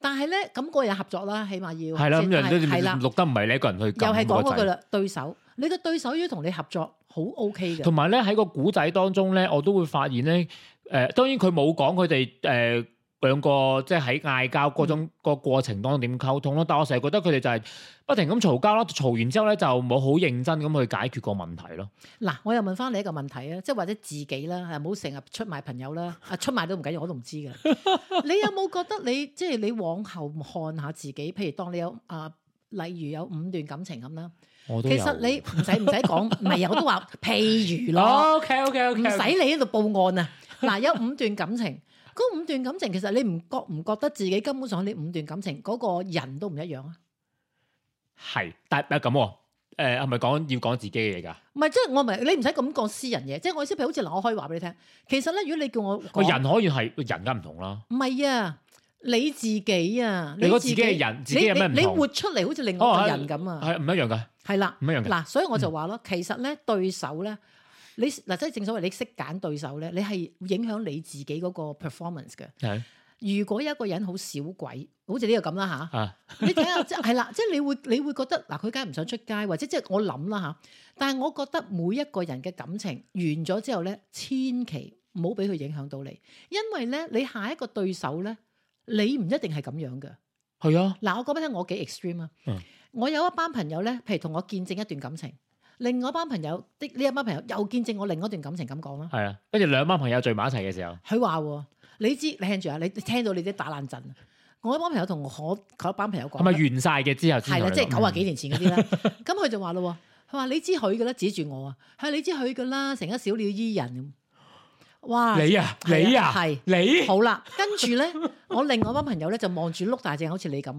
但係咧，咁個人合作啦，起碼要係啦，咁樣的是都係啦，錄的得唔係你一個人去又過句，又係講嗰個啦對手。你個對手要同你合作好 OK 嘅。同埋咧喺個古仔當中咧，我都會發現咧，誒、呃，當然佢冇講佢哋誒。呃兩個即係喺嗌交，各種個過程中、嗯、當中點溝通咯？但我成日覺得佢哋就係不停咁嘈交咯，嘈完之後咧就冇好認真咁去解決個問題咯。嗱，我又問翻你一個問題啊，即係或者自己啦，唔好成日出賣朋友啦，啊，出賣都唔緊要，我都唔知嘅。你有冇覺得你 即係你往後看下自己？譬如當你有啊，例如有五段感情咁啦，其實你唔使唔使講，唔係 我都話譬如咯。哦，OK OK OK，唔、okay, 使、okay, okay. 你喺度報案啊！嗱，有五段感情。 嗰五段感情，其實你唔覺唔覺得自己根本上呢五段感情嗰個人都唔一樣啊？係，但係咁誒，係咪講要講自己嘅嘢噶？唔係，即係我唔係，你唔使咁講私人嘢，即係我意思譬如好似嗱，我可以話俾你聽，其實咧，如果你叫我，個人可以係人嘅唔同啦。唔係啊，你自己啊，你自己嘅人，自己係咩唔同？你活出嚟，好似另外一個人咁啊，係唔一樣噶，係啦，唔一樣噶。嗱，所以我就話咯，其實咧對手咧。你嗱，即係正所謂，你識揀對手咧，你係影響你自己嗰個 performance 嘅。係，如果有一個人好小鬼，好似呢個咁啦嚇，你睇下即係啦，即係你會你會覺得嗱，佢梗係唔想出街，或者即係我諗啦嚇。但係我覺得每一個人嘅感情完咗之後咧，千祈唔好俾佢影響到你，因為咧你下一個對手咧，你唔一定係咁樣嘅。係啊，嗱，我講俾你聽，我幾 extreme 啊！我有一班朋友咧，譬如同我見證一段感情。另外一班朋友的呢一班朋友又見證我另一段感情，咁講啦。係啊，跟住兩班朋友聚埋一齊嘅時候，佢話：你知，你聽住啊！你聽到你啲打爛陣，我一班朋友同我嗰一班朋友講，係咪完晒嘅之後？係啦，即係九啊幾年前嗰啲啦。咁佢就話咯，佢話你知佢噶啦，指住我啊，係你知佢噶啦，成個小鳥依人咁。哇！你啊，你啊，係你好啦。跟住咧，我另外一班朋友咧就望住碌大隻，好似你咁。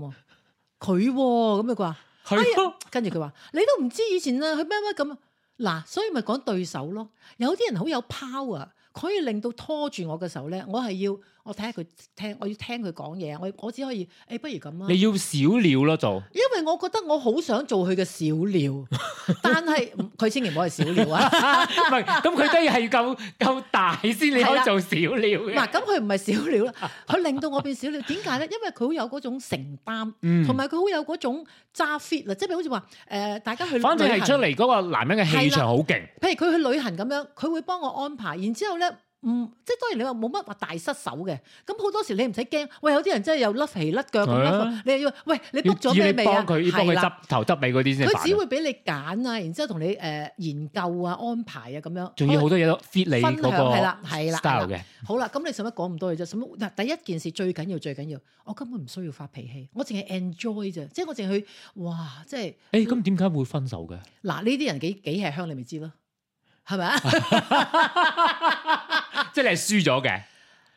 佢咁樣話。係，跟住佢話你都唔知以前啊，佢咩咩咁啊，嗱，所以咪講對手咯，有啲人好有 power，可以令到拖住我嘅手咧，我係要。我睇下佢聽，我要聽佢講嘢，我我只可以，誒、哎，不如咁啦。你要小鳥咯，做。因為我覺得我好想做佢嘅小鳥， 但係佢千祈唔好係小鳥啊。唔 係， 咁佢都要係夠夠大先，你可以做小鳥。嗱、啊，咁佢唔係小鳥啦，佢令到我變小鳥。點解咧？因為佢好有嗰種承擔，同埋佢好有嗰種揸 fit 啊，即係好似話誒，大家去旅行。反正係出嚟嗰個男人嘅氣場好勁，啊。譬如佢去旅行咁樣，佢會幫我安排，然之後咧。唔，即係當然你話冇乜話大失手嘅，咁好多時你唔使驚。喂，有啲人真係又甩皮甩腳咁樣，你又要喂你 book 咗幫佢，幫佢執頭執尾嗰啲先。佢只會俾你揀啊，然之後同你誒研究啊安排啊咁樣。仲要好多嘢都 fit 你嗰個 style 嘅。好啦，咁你使乜講咁多嘢啫？使乜？嗱，第一件事最緊要最緊要，我根本唔需要發脾氣，我淨係 enjoy 啫。即係我淨係去哇，即係誒，咁點解會分手嘅？嗱，呢啲人幾幾吃香，你咪知咯。係咪啊？ 即係你係輸咗嘅，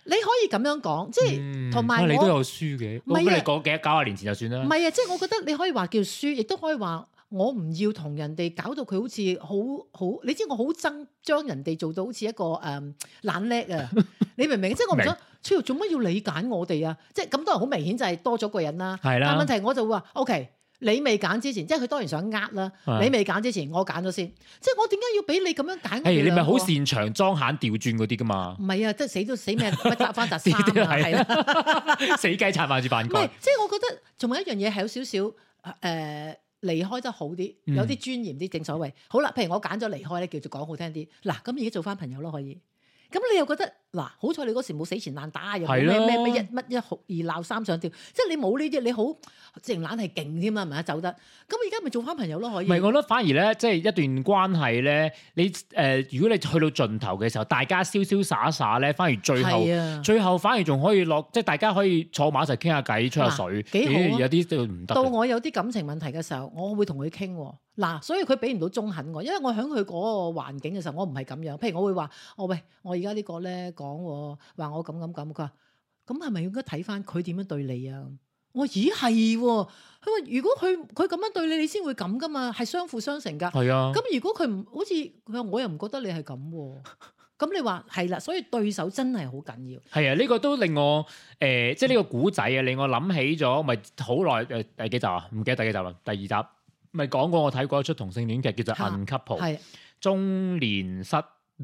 你可以咁樣講，即係同埋你都有輸嘅，唔係你講幾多九啊年前就算啦。唔係啊，即係我覺得你可以話叫輸，亦都可以話我唔要同人哋搞到佢好似好好，你知我好憎將人哋做到好似一個誒懶叻啊！ 你明唔 明白？即係我唔想，超做乜要理解我哋啊？即係咁多人好明顯就係多咗個人啦。係啦的，但係問題我就會話，OK。你未揀之前，即係佢當然想呃啦。的你未揀之前，我揀咗先，即係我點解要俾你咁樣揀？係、hey, 你咪好擅長裝狠掉轉嗰啲㗎嘛？唔係啊，即係死都死命乜拆翻拆衫啊， 死雞撐翻住飯蓋。 即係我覺得仲有一樣嘢係有少少誒離開得好啲，有啲尊嚴啲。正所謂，好啦，譬如我揀咗離開咧，叫做講好聽啲。嗱，咁而家做翻朋友咯，可以。咁你又覺得？嗱，好彩你嗰時冇死纏爛打，又咩咩咩一乜一哭二鬧三上吊，即係你冇呢啲，你好直情懶係勁添啊，咪啊走得。咁而家咪做翻朋友咯，可以。唔係，我覺得反而咧，即係一段關係咧，你誒，如果你去到盡頭嘅時候，大家瀟瀟灑灑咧，反而最後，最後反而仲可以落，即係大家可以坐埋一齊傾下偈，吹下水，幾好啊。有啲都唔得。到我有啲感情問題嘅時候，我會同佢傾。嗱，所以佢俾唔到中肯我，因為我喺佢嗰個環境嘅時候，我唔係咁樣。譬如我會話，哦喂，我而家呢個咧。講話我咁咁咁，佢話咁係咪應該睇翻佢點樣對你啊？我咦係，佢話如果佢佢咁樣對你，你先會咁噶嘛？係相輔相成噶。係啊。咁如果佢唔好似佢話，我又唔覺得你係咁。咁你話係啦，所以對手真係好緊要。係啊，呢個都令我誒，即係呢個古仔啊，令我諗起咗，咪好耐誒，第幾集啊？唔記得第幾集啦，第二集咪講過，我睇過一齣同性戀劇叫做《Uncoupled》，係中年失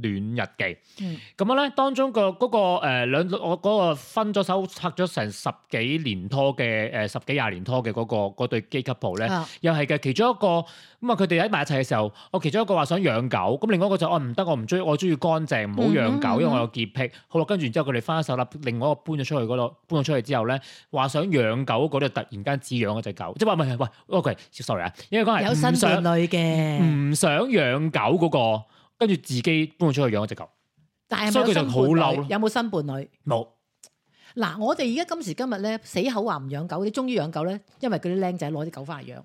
暖日記，咁樣咧，當中個嗰個誒兩，我嗰個分咗手，拆咗成十幾年拖嘅誒十幾廿年拖嘅嗰個嗰對基 couple 咧，又係嘅。其中一個咁啊，佢哋喺埋一齊嘅時候，我其中一個話想養狗，咁另一個就哦唔得，我唔中意，我中意乾淨，唔好養狗，因為我有潔癖。好啦，跟住然之後佢哋分咗手，另外一個搬咗出去嗰度，搬咗出去之後咧，話想養狗嗰個突然間只養一隻狗，即係話唔係，喂，OK，sorry 啊，因為講係有新人類嘅，唔想養狗嗰個。跟住自己搬出去養一隻狗，所以佢就好嬲。有冇新伴侶？冇。嗱有，我哋而家今時今日咧，死口話唔養狗，你終於養狗咧，因為嗰啲僆仔攞啲狗翻嚟養。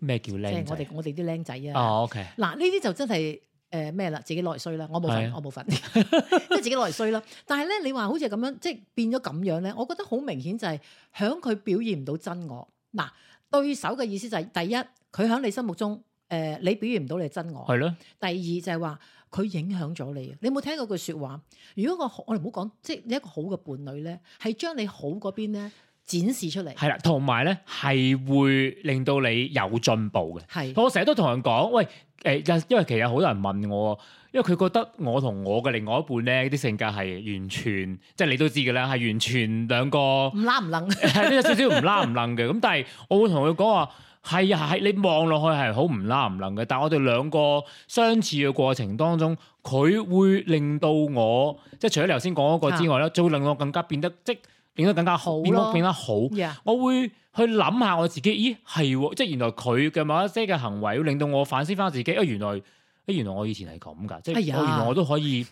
咩叫僆？即係我哋我哋啲僆仔啊。哦，OK。嗱，呢啲就真係誒咩啦？自己攞嚟衰啦，我冇份，啊、我冇沒份，即 係自己攞嚟衰啦。但係咧，你話好似咁樣，即係變咗咁樣咧，我覺得好明顯就係響佢表現唔到真我。嗱，對手嘅意思就係、是、第一，佢響你心目中，中。誒、呃，你表現唔到你真我。係咯的。第二就係話，佢影響咗你。你有冇聽過句説話？如果個我哋唔好講，即係一個好嘅伴侶咧，係將你好嗰邊咧展示出嚟。係啦，同埋咧係會令到你有進步嘅。係的。我成日都同人講，喂誒、呃，因為其實好多人問我，因為佢覺得我同我嘅另外一半咧啲性格係完全，即係你都知㗎啦，係完全兩個唔拉唔楞，係呢 有少少唔拉唔楞嘅。咁但係我會同佢講話，係啊，係你望落去係好唔拉唔能嘅，但係我哋兩個相處嘅過程當中，佢會令到我，即係除咗你頭先講嗰個之外咧，就的會令我更加變得，即係變得更加好咯，變得好的。我會去諗下我自己，咦係喎，即係原來佢嘅某一些嘅行為會令到我反思翻自己，啊原來，啊原來我以前係咁噶，即係我原來我都可以，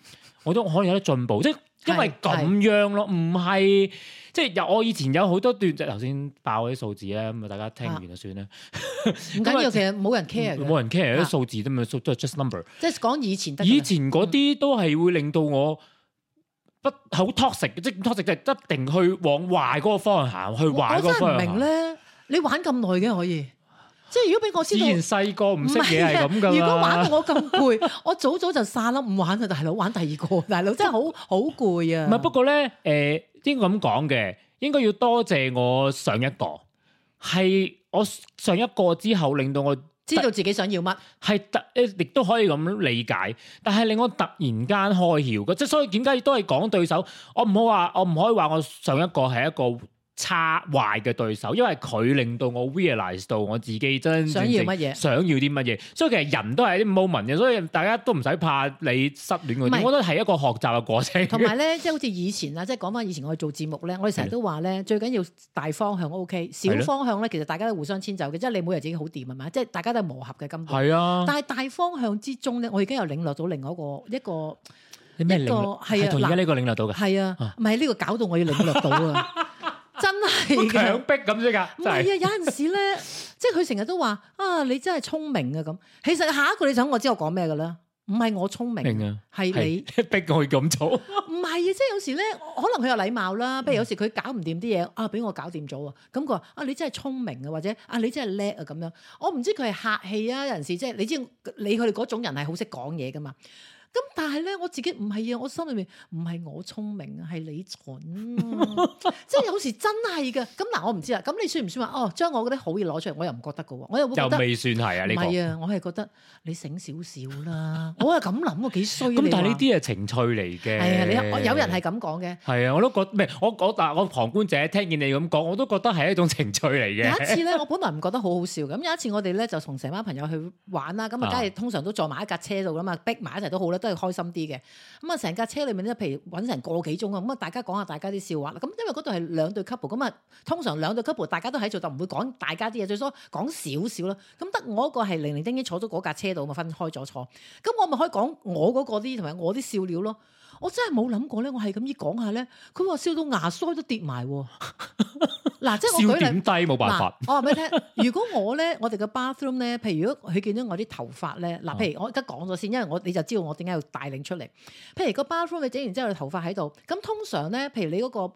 我都可以有得進步，即係因為咁樣咯，唔係的。即係我以前有好多段就頭先爆嗰啲數字咧，咁啊大家聽完就算啦。唔緊、啊、要緊， 其實冇人 care 冇人 care 啲數字啫嘛，數即係 just number。即係講以前以，以前嗰啲都係會令到我不好 toxic 即係 toxic 就，to 就一定去往壞嗰個方向行去玩。我真係唔明咧，你玩咁耐嘅可以，即係如果俾我先。以前細個唔識嘢係咁噶。如果玩到我咁攰， 我早早就散啦，唔玩啦，大佬玩第二個大佬真係好好攰啊。唔係 不過咧，誒、欸。應該咁講嘅，應該要多謝我上一個，係我上一個之後令到我知道自己想要乜，係特亦都可以咁理解，但係令我突然間開竅嘅，即係所以點解都係講對手，我唔好話，我唔可以話我上一個係一個差壞嘅對手，因為佢令到我 realize 到我自己真想要乜嘢。想要啲乜嘢，所以其實人都係啲 moment 嘅，所以大家都唔使怕你失戀嘅。唔係，我覺得係一個學習嘅過程。同埋咧，即係好似以前啊，即係講翻以前我去做節目咧，我哋成日都話咧，係啊。最緊要大方向 OK，小方向咧，其實大家都互相遷就嘅，即係你每日自己好掂係嘛，即係大家都磨合嘅咁。係啊。的但係大方向之中咧，我已經有領略到另外一個一個一個係啊，同而家呢個領略到嘅係啊，唔係呢個搞到我要領略到啊。 真係，唔強逼咁啫，噶，唔係啊！有陣時咧，即係佢成日都話啊，你真係聰明啊！咁，其實下一個你想我知我講咩嘅啦？唔係我聰明，明啊，係你逼我咁做，唔係啊！即係有時咧，可能佢有禮貌啦。不如有時佢搞唔掂啲嘢啊，俾我搞掂咗啊！咁佢話啊，你真係聰明啊，或者啊，你真係叻啊咁樣。我唔知佢係客氣啊，有陣時即係你知道，你佢哋嗰種人係好識講嘢噶嘛。咁但係咧，我自己唔係啊，我心裏面唔係我聰明，係你蠢。即係有時真係嘅。咁嗱，我唔知啦。咁你算唔算話？哦，將我嗰啲好嘢攞出嚟，我又唔覺得㗎喎，我又會覺得。又未算係啊？呢個唔係啊，我係覺得你醒少少啦。我係咁諗啊，幾衰啊！咁但係呢啲係情趣嚟嘅。係啊，你我有人係咁講嘅。係啊，我都覺得，我我嗱，我旁觀者聽見你咁講，我都覺得係一種情趣嚟嘅。有一次咧，我本來唔覺得好好笑嘅。咁有一次我哋咧就同成班朋友去玩啦。咁啊，梗係通常都坐埋一架車度㗎嘛，逼埋一齊都好啦。都係開心啲嘅。咁啊成架車裏面咧，譬如搵成個幾鐘啊，咁啊大家講下大家啲笑話啦。咁因為嗰度係兩對 couple，咁啊通常兩對 couple 大家都喺度，就唔會講大家啲嘢，最多講少少咯。咁得我一個係零零丁丁坐咗嗰架車度，咁分開咗坐，咁、嗯、我咪可以講我嗰個啲同埋我啲笑料咯。我真係冇諗過咧，我係咁易講下咧，佢話笑到牙腮都跌埋。 嗱，即係我笑點低冇辦法。我話俾你聽，如果我咧，我哋個 bathroom 咧，譬如果佢見到我啲頭髮咧，嗱，譬如我而家講咗先，因為我你就知道我點解要帶領出嚟。譬如個 bathroom 你整完之後，頭髮喺度，咁通常咧，譬如你嗰、那個誒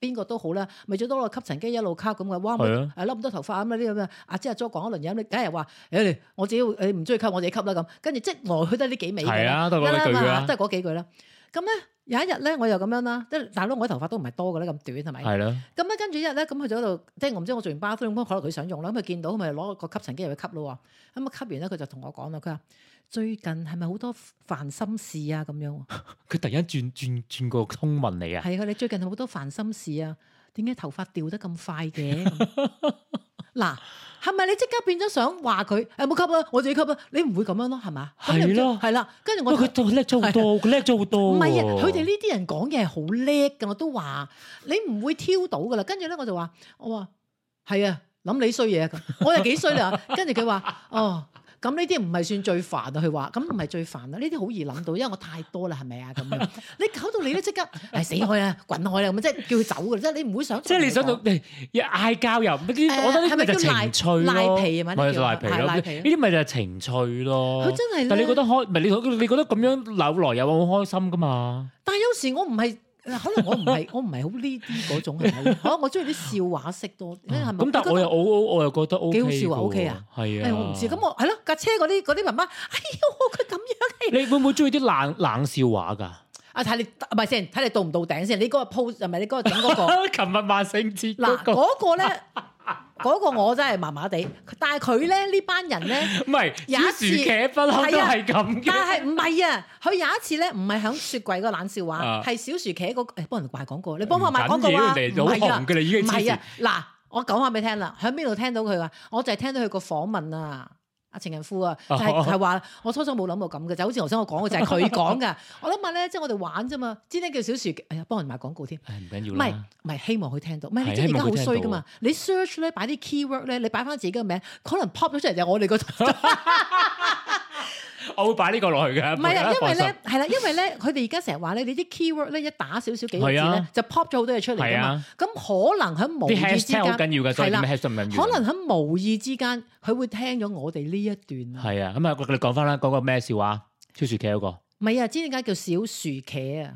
邊、呃、個都好啦，咪最多攞吸塵機一路吸咁嘅，哇，係攬咁多頭髮咁啦呢咁啊，啊，即係再講一輪嘢、哎，你梗係話，誒我自己你唔中意吸，我自己吸啦咁，跟住即係來去得呢幾味嘅，係啊，都嗰幾句幾句啦，咁咧。有一日咧，我又咁樣啦，即係大佬，我嘅頭髮都唔係多嘅咧，咁短係咪？係咯的。咁咧、嗯、跟住一咧，咁佢就喺度，即係我唔知我做完包 a t 可能佢想用啦。咁佢見到咪攞個吸塵機入去吸咯喎。咁啊吸完咧，佢就同我講啦，佢話最近係咪好多煩心事啊？咁樣。佢突然間轉轉轉個通問你啊。係啊，你最近好多煩心事啊？點解頭髮掉得咁快嘅？ 嗱，係咪你即刻變咗想話佢誒冇吸啊，我自己吸啊？你唔會咁樣咯，係嘛？係咯、啊，係啦，跟住我。佢叻咗好多，叻咗好多。唔係，佢哋呢啲人講嘢係好叻㗎，我都話你唔會挑到噶啦。跟住咧，我就話我話係啊，諗你衰嘢，啊。我又幾衰啦。跟住佢話哦。咁呢啲唔係算最煩啊，佢話咁唔係最煩啦，呢啲好易諗到，因為我太多啦，係咪啊？咁 樣你搞到你都即刻誒死開啦，滾開啦咁即係叫佢走嘅，即係你唔會想。即係你想做嗌交又，呃、我覺得呢啲咪就係情趣咯，咪就賴,賴皮係就係賴皮？呢啲咪就情趣咯。佢真係，但係你覺得開，唔係你你覺得咁樣扭來又好開心㗎嘛？但係有時我唔係。可能我唔係 我唔係好呢啲嗰種， 可能我我中意啲笑話式多，係咪、嗯？咁但我又、嗰個、我，我又覺得 O、OK、幾好笑是啊 O K 啊，係啊，誒我唔知，咁我係咯架車嗰啲嗰啲媽媽，哎呀佢咁樣，你會唔會中意啲冷冷笑話㗎？啊睇、啊、你唔係先睇你到唔到頂先？你嗰個 pose 係咪你嗰個整嗰個？琴、嗰個、 日萬聖節嗱、嗰、嗰個咧。啊嗰個呢 嗰、啊、個我真係麻麻地，啊、但係佢咧呢班人咧，唔係小薯茄不嬲都係咁嘅。但係唔係啊，佢有一次咧唔係喺雪櫃嗰個冷笑話，係、啊、小薯茄嗰誒、那個哎、幫人賣廣告，你幫我賣廣告啊！唔緊要嚟，好狂嘅你已經,經。唔係啊，嗱，我講下俾你聽啦，喺邊度聽到佢啊？我就係聽到佢個訪問啊。啊情人夫啊，係係話，我初初冇諗到咁嘅，就好似頭先我講嘅，就係佢講㗎。 我諗下咧，即係我哋玩啫嘛，知咧叫小樹，哎呀，幫人賣廣告添，唔緊要。唔係唔係，希望佢聽到，唔係的你而家好衰噶嘛？你 search 咧，擺啲 keyword 咧，你擺翻自己嘅名，可能 pop 咗出嚟就係我哋嗰度。我會擺呢個落去嘅，唔係啊，因為咧係啦，因為咧佢哋而家成日話咧，你啲 keyword 咧一打少少幾個字咧，就 pop 咗好多嘢出嚟噶嘛。咁可能喺無意之間好緊要嘅，所以咩 hashtag 咁緊要。可能喺無意之間，佢會聽咗我哋呢一段。係啊，咁啊，我哋講翻啦，講個咩笑話？小薯茄嗰個。唔係啊，知點解叫小薯茄啊？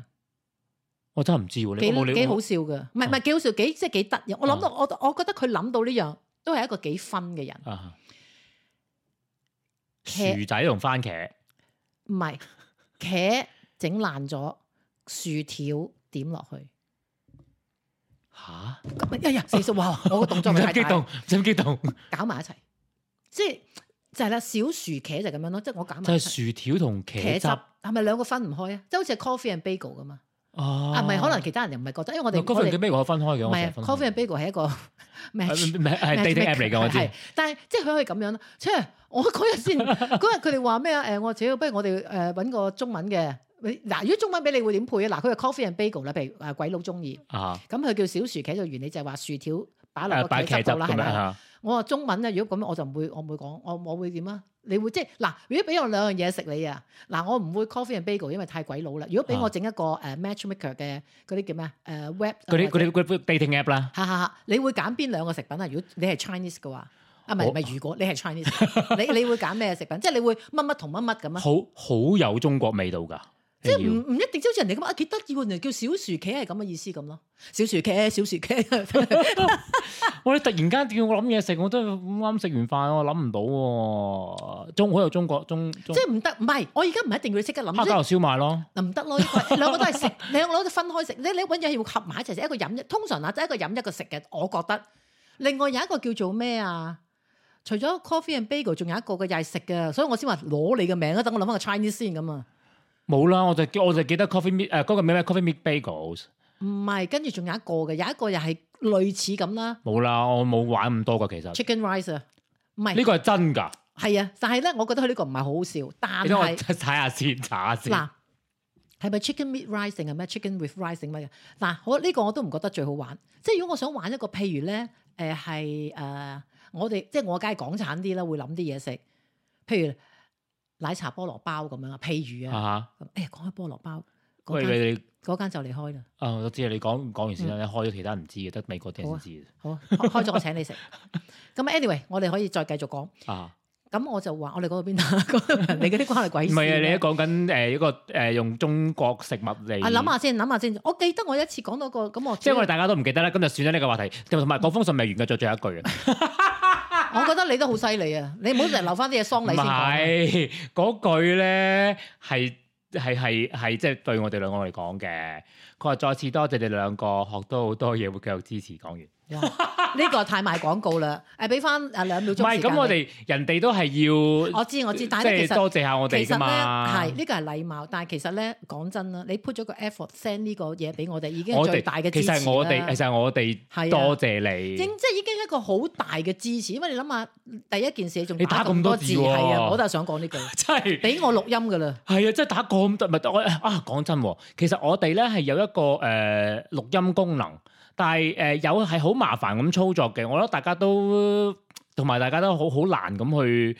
我真係唔知，你冇幾好笑嘅，唔係唔係幾好笑，幾即係幾得意。我諗到我我覺得佢諗到呢樣都係一個幾分嘅人。薯仔同番茄，唔係茄整爛咗，薯條點落去？吓蛤？今日一日四實話、啊、我個動作唔太激動，真激動，搞埋一齊，即係就係、是、啦，小薯茄就咁樣咯，即係我搞埋即係薯條同茄汁，係咪兩個分唔開啊？即係好似係 coffee and bagel 咁嘛？哦啊，啊，可能其他人又唔係覺得，因為我哋 coffee and bagel 係分開嘅，coffee and bagel 係一個 m a 係、啊、dating app 嚟嘅。我知。 但係即係佢可以咁樣，即係我嗰日先，嗰日佢哋話咩啊？誒，我、， 呃、我不如我哋誒揾個中文嘅，嗱、啊，如果中文俾你會點配啊？嗱，佢係 coffee and bagel 啦，譬如誒、啊、鬼佬中意，咁佢、啊啊、叫小薯茄嘅原理就係話薯條擺落個茄汁啦，係咪我話中文咧，如果咁我就唔會，我唔會講，我我，我會點啊？你會即係嗱，如果俾我兩樣嘢食你啊，嗱，我唔會 coffee and bagel，因為太鬼佬啦。如果俾我整一個誒、uh, matchmaker 嘅嗰啲叫咩誒、uh, web 嗰啲啲 dating app 啦。嚇嚇嚇！你會揀邊兩個食品啊？如果你係 Chinese 嘅話，啊唔係，我唔係，如果你係 Chinese，你你會揀咩食品？ 即係你會乜乜同乜乜咁啊？好好有中國味道㗎！即係唔唔一定即係似人哋咁啊，幾得意喎！人叫小薯茄係咁嘅意思咁咯，小薯茄小薯茄。喂，你突然間叫我諗嘢食，我都啱食完飯，我諗唔到。中我又中國中，即係唔得唔係，我而家唔一定要識得諗。黑膠又燒賣咯，唔得咯，兩個都係食，兩個都分開食。你你揾嘢要合埋一齊食，一個飲，通常啊得一個飲一個食嘅。我覺得另外有一個叫做咩啊？除咗 coffee and bagel，仲有一個嘅又係食嘅，所以我先話攞你嘅名啊！等我諗翻個 Chinese 先咁啊！冇啦，我就記我就記得 coffee meet 誒嗰個名咩 coffee meet bagels。唔係，跟住仲有一個嘅，有一個又係類似咁啦。冇啦，我冇玩咁多嘅其實。Chicken rice 唔係呢個係真㗎。係啊，但係咧，我覺得佢呢個唔係好好笑，但係睇下先，查下先。嗱，係咪 chicken meat rice 定係咩？chicken with rice 定乜嘢？嗱，我呢個我都唔覺得最好玩。即係如果我想玩一個，譬如咧，誒係誒，我哋即係我梗係港產啲啦，會諗啲嘢食，譬如。奶茶菠蘿包咁樣啊，譬如啊，誒講下菠蘿包，喂你嗰間就離開啦。啊，我知啊，你講講完先啦，你開咗其他唔知嘅，得美國啲人先知。好，開咗我請你食。咁 anyway，我哋可以再繼續講。啊，咁我就話我哋講到邊啊？講嗰啲瓜嚟鬼事。唔係啊，你都講緊誒一個誒用中國食物嚟。啊，諗下先，諗下先。我記得我一次講到個咁我，即係我哋大家都唔記得啦。咁就選咗呢個話題，同埋嗰封信未完嘅最最後一句。我覺得你都好犀利啊！你唔好成日留翻啲嘢喪禮先講。唔係嗰句咧，係係係係即係對我哋兩個嚟講嘅。佢話再次多謝你哋兩個學到好多嘢，會繼續支持。講完。呢個太賣廣告啦！誒，俾翻誒兩秒鐘，唔係咁，我哋人哋都係要我知我知，即係多謝下我哋噶嘛。係呢個係禮貌，但係其實咧講真啦，你 put 咗個 effort send 呢個嘢俾我哋，已經係最大嘅支持。其實係我哋，其實係我哋多謝你。即係已經一個好大嘅支持，因為你諗下第一件事仲你打咁多字，係啊，我都係想講呢句，真係俾我錄音噶啦。係啊，真係打咁多物啊！講真，其實我哋咧係有一個誒、uh, 錄音功能。但係誒、呃、有係好麻煩咁操作嘅，我覺得大家都同埋大家都好好難咁去誒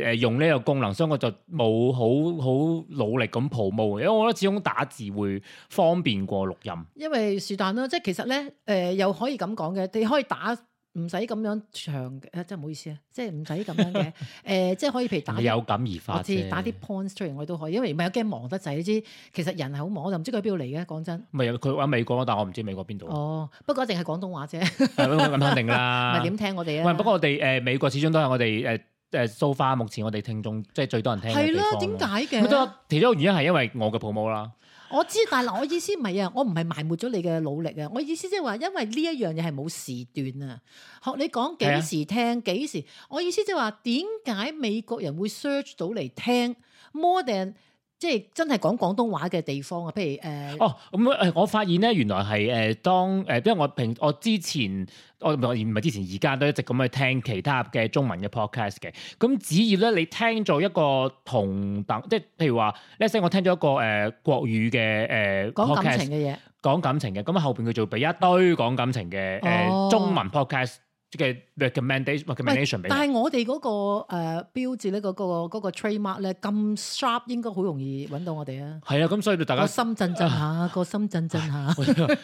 誒、呃、用呢個功能，所以我就冇好好努力咁 promote，因為我覺得始終打字會方便過錄音。因為是但啦，即係其實咧誒、呃、又可以咁講嘅，你可以打。唔使咁樣長，誒真係唔好意思啊，即係唔使咁樣嘅，誒、 呃、即係可以譬如打，有感而發而，我知 打啲 point 出嚟我都可以，因為唔係有驚忙得滯，你知其實人係好忙，我就唔知佢喺邊度嚟嘅，講真。咪佢話美國，但我唔知美國邊度。哦，不過一定係廣東話啫。咁 呃、肯定啦。咪點 聽我哋喂，不過我哋誒、呃、美國始終都係我哋誒誒 so far 目前我哋聽眾即係最多人聽。係啦，點解嘅？其中一個原因係因為我嘅 promo 啦。我知，但嗱，我意思唔係啊，我唔係埋沒咗你嘅努力啊，我意思即係話，因為呢一樣嘢係冇時段啊，學你講幾時聽幾時，我意思即係話點解美國人會 search 到嚟聽 modern 即係真係講廣東話嘅地方啊，譬如誒，呃、哦，咁誒，我發現咧，原來係誒當誒，因為我平我之前我唔係之前而家都一直咁去聽其他嘅中文嘅 podcast 嘅，咁只要咧你聽咗一個同等，即係譬如話咧，我聽咗一個誒、呃、國語嘅誒講感情嘅嘢，講感情嘅，咁後邊佢就俾一堆講感情嘅誒、呃哦、中文 podcast。嘅 recommendation，唔係，但係我哋嗰個誒標誌咧，嗰個嗰個 trademark 咧咁 sharp，應該好容易揾到我哋啊！係啊，咁所以大家個深圳震下，個深圳震下，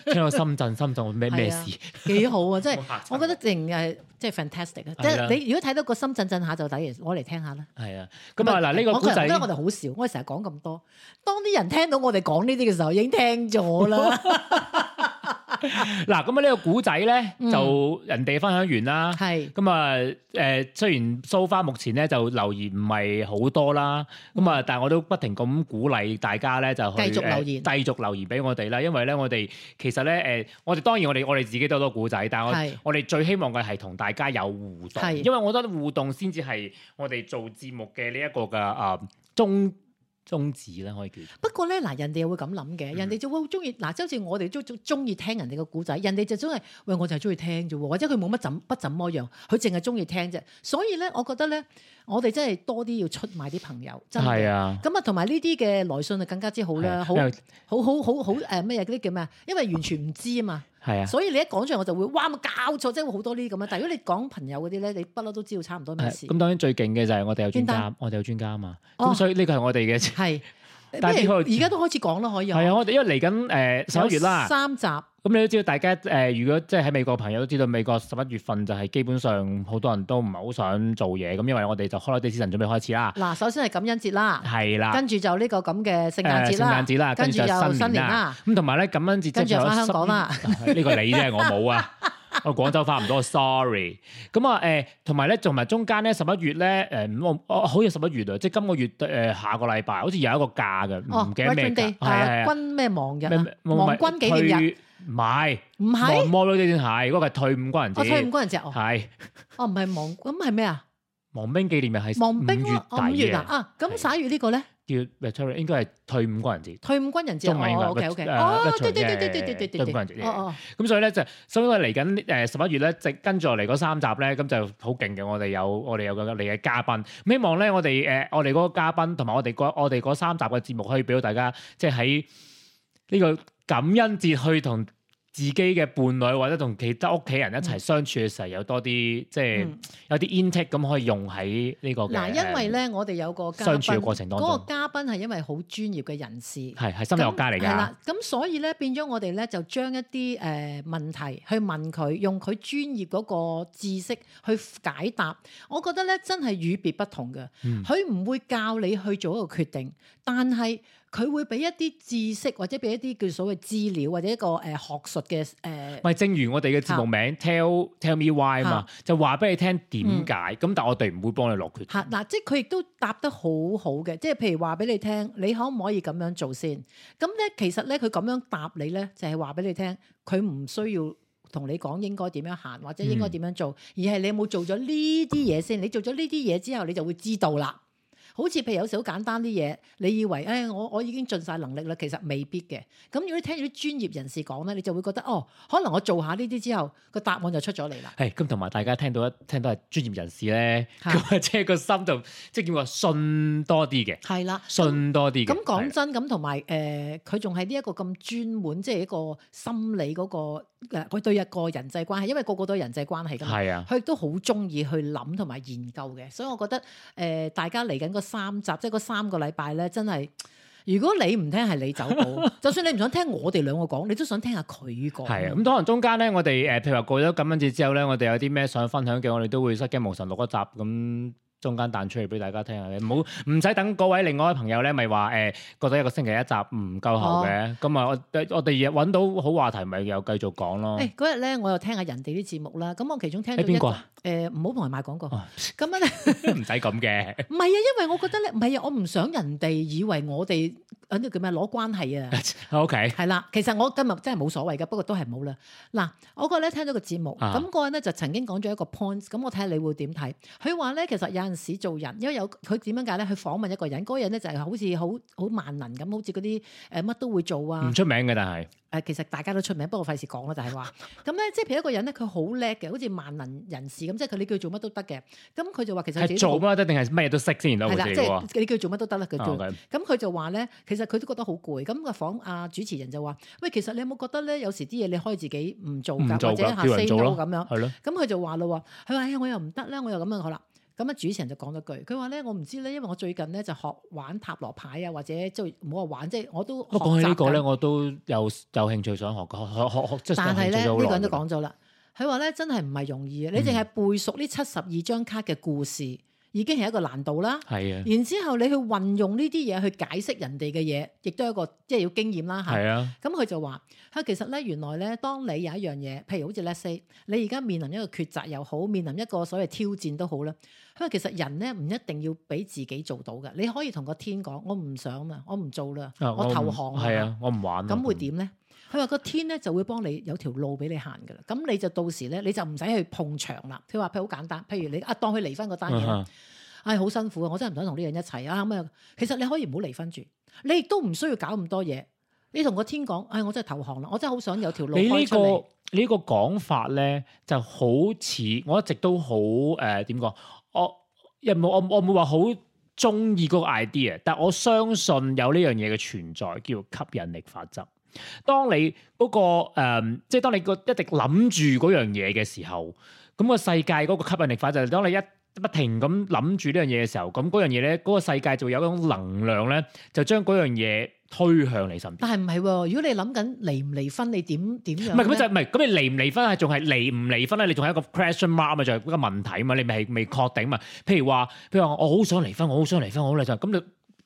聽到深圳深圳咩咩事？幾好啊！真係，我覺得淨係即係 fantastic 啊！即係你如果睇到個深圳震下就抵，我嚟聽下啦。係啊，咁啊嗱，呢個古仔我成日覺得我哋好少，我哋成日講咁多，當啲人聽到我哋講呢啲嘅時候，已經聽咗啦。嗱，咁 啊、這個、呢個古仔咧，嗯、就人哋分享完啦。係咁啊，誒、嗯，雖然 so far 目前咧就留言唔係好多啦，咁啊、嗯，但係我都不停咁鼓勵大家咧就繼續留言，呃、繼續留言俾我哋啦。因為咧、呃，我哋其實咧，誒，我哋當然我哋我哋自己都好多古仔，但係我是我哋最希望嘅係同大家有互動，是因為我覺得互動先至係我哋做節目嘅呢一個嘅誒、呃、中。宗旨啦，可以叫。不過咧，嗱人哋又會咁諗嘅，人哋就會好中意，嗱即好似我哋都中意聽人哋嘅故仔，人哋就真係，喂我就係中意聽啫喎，或者佢冇乜怎不怎麼樣，佢淨係中意聽啫。所以咧，我覺得咧，我哋真係多啲要出賣啲朋友，真係啊。咁啊，同埋呢啲嘅來信就更加之好啦、啊，好好好好好誒咩嘢嗰啲叫咩啊？因為完全唔知啊嘛。 係啊，所以你一講出嚟我就會，哇！冇搞錯，即係會好多呢啲咁樣。但係如果你講朋友嗰啲咧，你不嬲都知道差唔多咩事。咁、啊、當然最勁嘅就係我哋有專家，麼我哋有專家啊嘛。咁、哦、所以呢個係我哋嘅。係。但係而家都開始講啦，可以係啊，我哋因為嚟緊誒十一月啦，三集咁你都知道，大家誒、呃、如果即係喺美國朋友都知道，美國十一月份就係基本上好多人都唔係好想做嘢咁，因為我哋就 holiday season 準備開始啦。嗱，首先係感恩節啦，係啦，跟住就呢個咁嘅聖誕節啦、呃，聖誕節啦，跟住就新年啦。咁同埋咧感恩節即係返香港啦，呢、這個你啫，我冇啊。 我廣州翻唔到，sorry。咁啊，誒，同埋咧，同埋中間咧，十一月咧，誒，咁我我好似十一月啊，即係今個月誒下個禮拜，好似有一個假嘅，唔記得咩假係啊，軍咩網日，亡軍紀念日，唔係唔係 model 啲先係，如果係退伍軍人節，退伍軍人節，係，哦唔係亡，咁係咩啊？亡兵紀念日係五月底嘅，啊咁十一月呢個咧？叫 retire 應該係退伍軍人節，退伍軍人節哦。中文應該誒誒，退伍軍人節。哦哦，咁所以咧就，所以因為嚟緊誒十一月咧，即跟住嚟嗰三集咧，咁就好勁嘅。我哋有我哋有個嚟嘅嘉賓，希望咧我哋誒、呃、我哋嗰個嘉賓同埋我哋個我哋嗰三集嘅節目可以俾到大家，即喺呢個感恩節去同。自己嘅伴侶或者同其他屋企人一齊相處嘅時候有、嗯，有多啲即係有啲 intake 咁可以用喺呢個。嗱，因為咧，呃、我哋有個嘉賓，相處嘅過程當中，嗰個嘉賓係因為好專業嘅人士，係係心理學家嚟嘅。係啦，咁所以咧變咗我哋咧就將一啲誒、呃、問題去問佢，用佢專業嗰個知識去解答。我覺得咧真係與別不同嘅，佢唔、嗯、會教你去做一個決定，但係。佢會俾一啲知識，或者俾一啲叫所謂資料，或者一個誒、呃、學術嘅誒。唔、呃、正如我哋嘅節目名、啊、Tell Tell Me Why 嘛，啊、就話俾你聽點解。咁、嗯、但係我哋唔會幫你落決。嚇、啊，嗱、啊，即係佢亦都答得好好嘅。即係譬如話俾你聽，你可唔可以咁樣做先？咁咧，其實咧，佢咁樣答你咧，就係話俾你聽，佢唔需要同你講應該點樣行，或者應該點樣做，嗯、而係你有冇做咗呢啲嘢先？你做咗呢啲嘢之後，你就會知道啦。好似譬如有時好簡單啲嘢，你以為誒我我已經盡晒能力啦，其實未必嘅。咁如果你聽住啲專業人士講咧，你就會覺得哦，可能我做下呢啲之後，個答案就出咗嚟啦。係咁，同埋大家聽到一聽到係專業人士咧，咁即係個心就即係叫話信多啲嘅。係啦，信多啲嘅。咁講真咁同埋誒，佢仲係呢一個咁專門，即係一個心理嗰個。佢對一個人際關係，因為個個都有人際關係噶，佢都好中意去諗同埋研究嘅，所以我覺得誒、呃，大家嚟緊嗰三集，即係嗰三個禮拜咧，真係如果你唔聽係你走寶， 就算你唔想聽我哋兩個講，你都想聽下佢講。係啊，咁可能中間咧，我哋誒譬如話過咗感恩節之後咧，我哋有啲咩想分享嘅，我哋都會失驚無神錄一集咁。中間彈出嚟俾大家聽下，唔好唔使等各位另外一位朋友咧，咪話誒覺得一個星期一集唔夠喉嘅，咁啊我我哋又揾到好話題，咪又繼續講咯。誒嗰日咧，我又聽下人哋啲節目啦，咁我其中聽到，誒邊個？唔好同人賣廣告，咁樣咧，唔使咁嘅。唔係啊，因為我覺得咧，唔係啊，我唔想人哋以為我哋揾啲叫咩攞關係啊。OK，係啦，其實我今日真係冇所謂㗎，不過都係冇啦。嗱，我嗰日咧聽咗個節目，咁嗰人咧就曾經講咗一個 points，咁我睇下你會點睇？佢話咧其實有。時做人，因為有佢點樣解咧？佢訪問一個人，嗰、那個人咧就係好似好好萬能咁，好似嗰啲誒乜都會做啊！唔出名嘅，但係誒、呃，其實大家都出名，不過費事講啦， 就係話咁咧，即係譬如一個人咧，佢好叻嘅，好似萬能人士咁，即係佢你叫佢做乜都得嘅。咁佢就話其實係做乜都得，定係乜嘢都識先？然後即係你叫佢做乜都得啦，佢做。咁佢 Okay. 就話咧，其實佢都覺得好攰。咁個房啊主持人就話：喂，其實你有冇覺得咧？有時啲嘢你可以自己唔做噶，做或者下 set 到咁樣。咁佢就話咯，佢話哎呀，我又唔得啦，我又咁樣，好啦。咁啊！主持人就講咗句，佢話咧，我唔知咧，因為我最近咧就學玩塔羅牌啊，或者即係唔好話玩即係我都。不過講起呢個咧，我都有有興趣想學嘅，學學,學,學但係咧，呢、呢個人都講咗啦，佢話咧真係唔係容易啊！你淨係背熟呢七十二張卡嘅故事。嗯已經係一個難度啦，的然之後你去運用呢啲嘢去解釋人哋嘅嘢，亦都係一個即係要經驗啦嚇。咁佢的、嗯、就話，嚇其實咧，原來咧，當你有一樣嘢，譬如好似 Let’s say 你而家面臨一個抉擇又好，面臨一個所謂挑戰都好啦。因為其實人咧唔一定要俾自己做到嘅，你可以同個天講，我唔想我啊，我唔做啦，我投降啊。啊，我唔玩。咁會點咧？佢話個天咧就會幫你有條路俾你行噶啦，咁你就到時咧你就唔使去碰牆啦。佢話譬如好簡單，譬如你啊當佢離婚嗰單嘢，唉好、uh huh. 哎、辛苦啊，我真係唔想同呢個人一齊啊咁樣。其實你可以唔好離婚住，你亦都唔需要搞咁多嘢。你同個天講，唉我真係投降啦，我真係好想有條路。你呢個、你呢個講法咧就好似我一直都好誒點講，我又冇我我唔會話好中意嗰個 idea，但我相信有呢樣嘢嘅存在叫吸引力法則。當你嗰個誒，即係當你個一直諗住嗰樣嘢嘅時候，咁個世界嗰個吸引力法則，就係當你一不停咁諗住呢樣嘢嘅時候，咁嗰樣嘢咧，嗰個世界就會有一種能量咧，就將嗰樣嘢推向你身邊。但係唔係喎，如果你諗緊離唔離婚，你點點樣？唔係咁就唔係，咁你離唔離婚呀仲係離唔離婚咧？你仲係一個 question mark 嘛？就係一個問題嘛？你咪係未確定嘛？譬如話，譬如話我好想離婚，我好想離婚，我好想咁你。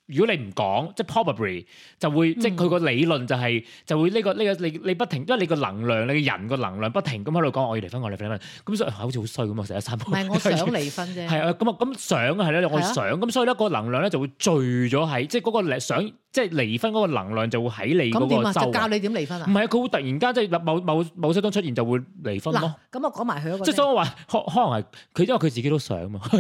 如果你唔講，即係 probably 就會、嗯、即係佢個理論就係、是、就會呢、呢個呢個你你，你不停，因為你個能量，你個人個能量不停咁喺度講，我要離婚，我要離婚，咁所以、哎、好似好衰咁啊！成日散，唔係是以我想離婚啫，係啊，咁啊，咁想係咧，我想，咁是、啊、所以咧、嗰個能量咧就會聚咗喺即係嗰個想。即係離婚嗰個能量就會喺你嗰個周，就教你點離婚啊！唔係佢會突然間即係某某某些時候出現就會離婚咯。咁我講埋佢嗰即係所以我話可可能係佢因為佢自己都想嘛，嗰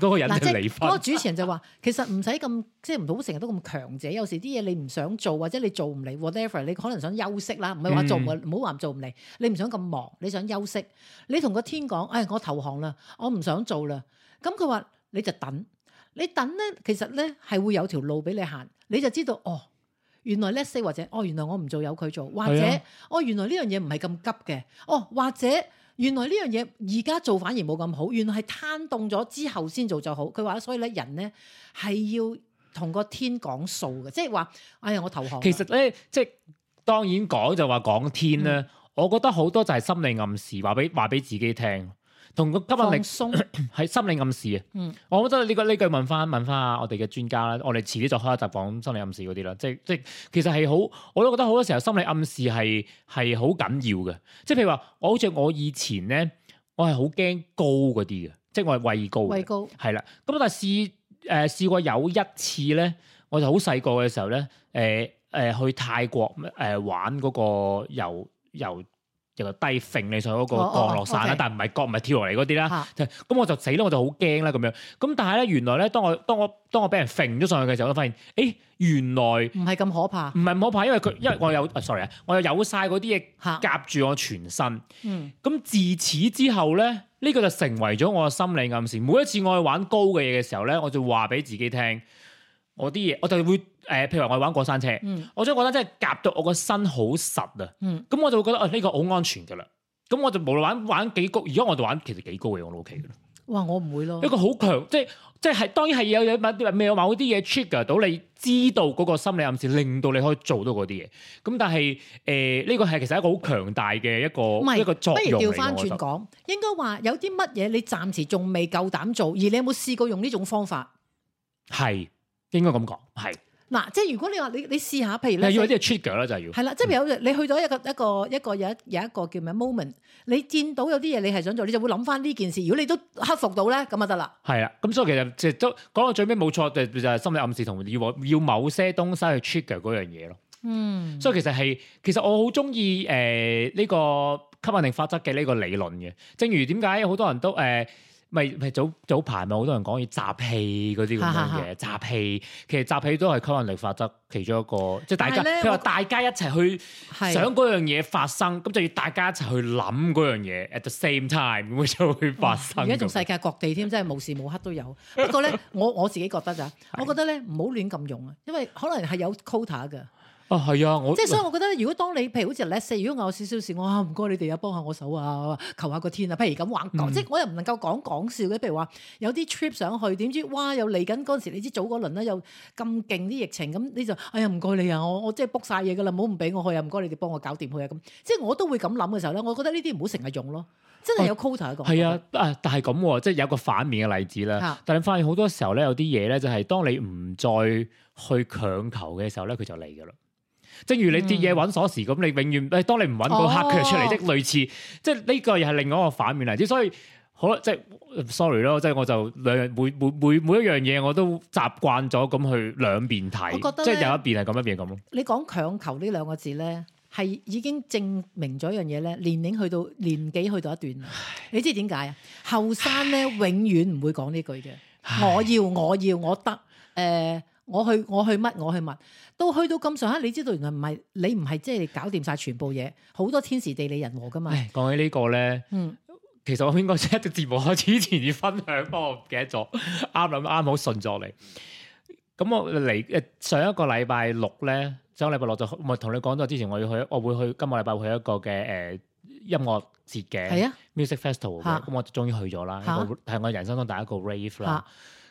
個人要離婚。嗰個主持人就話其實唔使咁即係唔好成日都咁強者，有時啲嘢你唔想做或者你做唔嚟，whatever，你可能想休息啦，唔係話做唔唔好話做唔嚟，你唔想咁忙，你想休息，你同個天講，哎，我投降啦，我唔想做啦，咁佢話你就等。你等咧，其實咧係會有條路俾你行，你就知道哦。原來 less 或者哦，原來我唔做有佢做，或者是、啊、哦，原來呢樣嘢唔係咁急嘅。哦，或者原來呢樣嘢而家做反而冇咁好，原來係攤凍咗之後先做就好。佢話，所以咧人咧係要同個天講數嘅，即係話，哎呀，我投降。其實咧，即係當然講就話講天啦。嗯、我覺得好多就係心理暗示，話俾話俾自己聽。同個吸引力，係鬆 心理暗示啊！嗯、我覺得呢個呢句問翻問翻下我哋嘅專家啦，我哋遲啲再開一集講心理暗示嗰啲啦。即即，即其實係好，我都覺得好多時候心理暗示係係好緊要嘅。即譬如話，我好似我以前咧，我係好驚高嗰啲嘅，即我係畏高，畏高。畏高係啦。咁但係試誒、呃、試過有一次咧，我就好細個嘅時候咧，誒、呃、誒、呃、去泰國誒、呃、玩嗰個遊遊。就低揈你上嗰個降落傘啦，oh, okay. 但係唔係腳唔係跳落嚟嗰啲啦，咁的我就死啦，我就好驚啦咁樣。咁但係咧，原來咧，當我當我當我俾人揈咗上去嘅時候，我都發現，誒原來唔係咁可怕，唔係唔可怕，因為佢因為我有，sorry 啊，我有有曬嗰啲嘢夾住我全身。嗯的，咁自此之後咧，呢個就成為咗我嘅心理暗示。每一次我去玩高嘅嘢嘅時候咧，我就話俾自己聽，我啲嘢我就會。誒，譬如話我玩過山車，我想覺得真係夾到我個身好實啊，咁我就會覺得哦，呢個好安全噶啦。咁我就無論玩玩幾高，而家我哋玩其實幾高嘅我都 OK 噶啦。哇！我唔會咯，一個好強，即係即係當然係有有某啲咩某啲嘢 trigger 到你知道嗰個心理暗示，令到你可以做到嗰啲嘢。咁但係誒呢個係其實一個好強大嘅一個一個作用嚟。不如調翻轉講，應該話有啲乜嘢你暫時仲未夠膽做，而你有冇試過用呢種方法？係應該咁講，係。嗱、啊，即係如果你話你你試下，譬如你要啲啲 trigger 啦，的就係要係啦，的即係有你去到一個、嗯、一個一個有一有一,一個叫咩 moment，你見到有啲嘢你係想做，你就會諗翻呢件事。如果你都克服到咧，咁啊得啦。係啊，咁所以其實即係都講到最尾冇錯，就就係心理暗示同要要某些東西去 trigger 嗰樣嘢咯。嗯，所以其實係其實我好中意誒呢個吸引力法則嘅呢個理論嘅，正如點解好多人都誒。呃呃咪咪早早排咪好多人講要集氣嗰啲咁樣嘢，集、啊啊、氣其實集氣都係吸引力法則其中一個，即、就、係、是、大家佢話大家一齊去想嗰我樣嘢發生，咁是、啊、就要大家一齊去諗嗰樣嘢。At the same time，會就會發生、嗯。而家仲世界各地添，真係 無時無刻都有。不過咧，我我自己覺得咋？ 是啊、我覺得咧唔好亂咁用啊，因為可能係有 quota 嘅。啊，係啊、哦！我即係所以，我覺得如果當你譬如好似 l 四 s 如果我有少少事，我啊唔該你哋啊，幫下我手啊，求下個天啊，譬如咁話講，嗯、即係我又唔能夠講講笑嘅。譬如話有啲 trip 上去，點知哇又嚟緊嗰陣時，你知早嗰輪咧又咁勁啲疫情，咁、嗯、你就哎呀唔該你啊，我我即係 book 晒嘢噶啦，唔好唔俾我去啊，唔該你哋幫我搞掂去啊，咁即係我都會咁諗嘅時候咧，我覺得呢啲唔好成日用咯，真係有 quota 一個係啊啊！但係咁即係有個反面嘅例子啦。是啊、但係你發現好多時候咧，有啲嘢咧就係當你唔再去強求嘅時候咧，佢就嚟噶啦。正如你跌嘢揾鎖匙咁，你永遠誒，當你唔揾到客佢出嚟，即係類似，即係呢個又係另外一個反面嚟。即所以好啦，即係 sorry 咯，即係我就兩樣每每每每一樣嘢我都習慣咗咁去兩邊睇，我覺得，即係有一邊係咁，一邊係咁咯。你講強求呢兩個字咧，係已經證明咗一樣嘢咧，年齡去到年紀去到一段，你知點解啊？後生咧永遠唔會講呢句嘅，我要我要我得誒，我去我去乜我去問，到去到咁上下，你知道原來唔係你唔係即係搞掂晒全部嘢，好多天時地利人和噶嘛。講、哎、起呢個咧，嗯、其實我應該即係一節節目開始之前要分享，不過我唔記得咗，啱啦， 啱好順著你。咁我嚟上一個禮拜六咧，上一個禮拜六,六就唔同你講咗，之前我要去，我會去今個禮拜去一個嘅誒音樂節嘅，係啊，music festival 嘅。咁我終於去咗啦，係我人生中第一個 rave 啦、啊。啊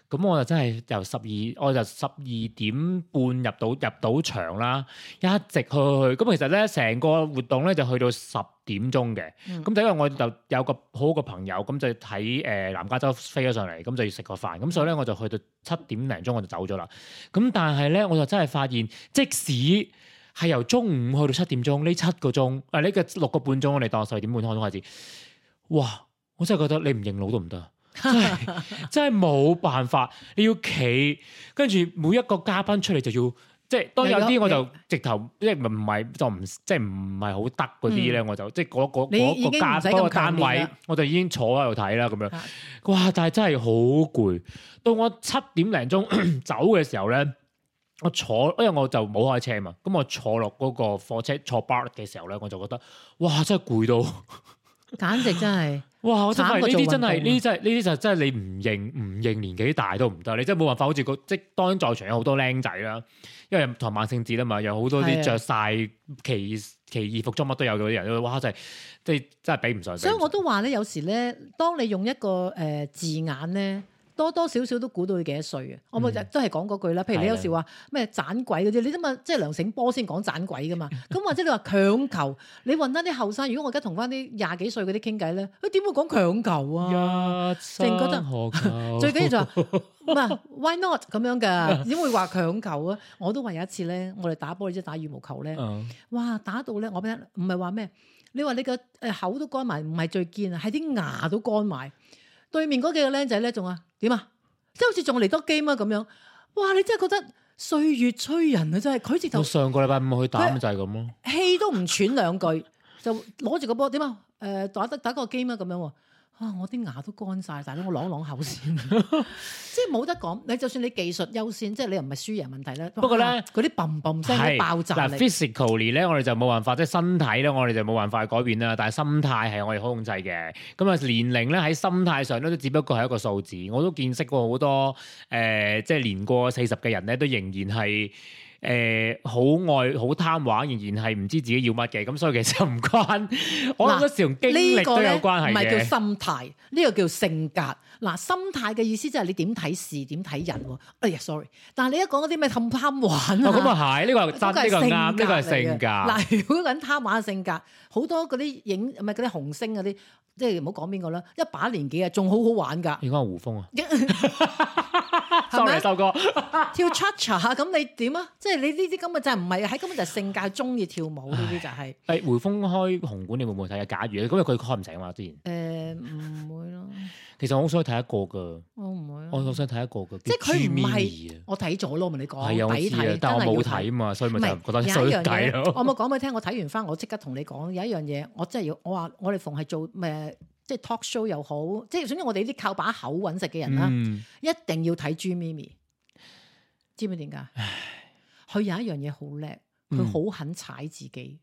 咁我就真係由十二，我就十二點半入到入到場啦，一直去去去。咁其實咧，成個活動咧就去到十點鐘嘅。咁、嗯、就因為我就有個好好嘅朋友，咁就睇誒、呃、南加州飛咗上嚟，咁就要食個飯。咁所以咧，我就去到七點零鐘我就走咗啦。咁但係咧，我就真係發現，即使係由中午去到七點鐘呢，七個鐘，啊呢個六個半鐘，我哋當十二點半開始。哇！我真係覺得你唔認老都唔得。 真係真係冇辦法，你要企跟住每一個嘉賓出嚟就要，即係當有啲我就直頭，即係唔係就唔即係唔係好得嗰啲咧，嗯、我就即係嗰個嗰個駕駛個單位，我就已經坐喺度睇啦咁樣。哇！但係真係好攰，到我七點零鐘走嘅時候咧，我坐因為我就冇開車嘛，咁我坐落嗰個火車坐 bar 嘅時候咧，我就覺得哇，真係攰到，簡直真係。哇！我就係呢啲真係呢啲真係呢啲就真係你唔認唔認年紀大都唔得，你真係冇辦法。好似個即當在場有好多靚仔啦，因為同萬聖節啊嘛，有好多啲着晒奇奇異服裝乜都有嗰啲人，是的 哇！真係即真係比唔上，上。所以我都話咧，有時咧，當你用一個誒、呃、字眼咧。多多少少都估到佢幾多歲啊！我咪就都係講嗰句啦。譬如你有時話咩盞鬼嘅啫，你諗下，即係梁醒波先講盞鬼噶嘛？咁 或者你話強求，你搵翻啲後生，如果我而家同翻啲廿幾歲嗰啲傾偈咧，佢點會講強求啊？淨覺得最緊要就話唔係？Why not 咁樣㗎？點會話強求啊？ 我都話有一次咧，我哋打波你者打羽毛球咧，嗯、哇！打到咧，我唔係話咩？你話你個誒口都乾埋，唔係最堅啊，係啲牙都乾埋。對面嗰幾個僆仔咧，仲啊點啊，即係好似仲嚟多 game 啊咁樣，哇！你真係覺得歲月催人啊，真係佢直頭上個禮拜五去打，佢就係咁咯，氣都唔喘兩句就攞住個波，點啊？誒、呃，打得打個 game 啊咁樣。啊！我啲牙都乾晒，但係 我朗朗口先， 即係冇得講。你就算你技術優先，即係你又唔係輸贏問題咧。不過咧，嗰啲、啊、砰砰聲爆炸。係，physically 咧，呃、我哋就冇辦法，即係身體咧，我哋就冇辦法去改變啦。但係心態係我哋可控制嘅。咁啊，年齡咧喺心態上咧，都只不過係一個數字。我都見識過好多誒、呃，即係年過四十嘅人咧，都仍然係。誒，好愛、呃，好貪玩，仍然係唔知自己要乜嘅，咁所以其實唔關，我諗好多時同經歷都有關係，唔係叫心態，呢、這個叫性格。嗱、啊，心態嘅意思即係你點睇事，點睇人喎、啊。哎呀，sorry，但係你一講嗰啲咩貪貪玩、啊，哦咁啊係，呢個呢個啱，呢個性，性格。嗱、啊，如果講貪玩嘅性格，好多嗰啲影唔係嗰啲紅星嗰啲，即係唔好講邊個啦，一把年紀啊，仲好好玩㗎。點講收哥 啊？胡峰啊？sorry，收哥跳 cha cha，咁你點啊？即係你呢啲咁嘅就係唔係，喺根本就係性格中意跳舞呢啲唉就係、是。誒、哎，胡峰開紅館你會唔會睇啊？假如咁佢開唔成啊嘛，之前。誒唔、 欸、會咯。其實我好想睇一個噶，我唔會啊。我好想睇一個噶，即係佢唔係啊。我睇咗咯，我同你講。係啊，我知啊，但我冇睇啊嘛，所以咪就係覺得受我冇講俾你聽，我睇完翻，我即刻同你講，有一樣嘢，我真係要。我話我哋逢係做咩？即係 talk show 又好，即係總之我哋呢啲靠把口揾食嘅人啦，一定要睇朱咪咪，知唔知點解？佢有一樣嘢好叻，佢好肯踩自己，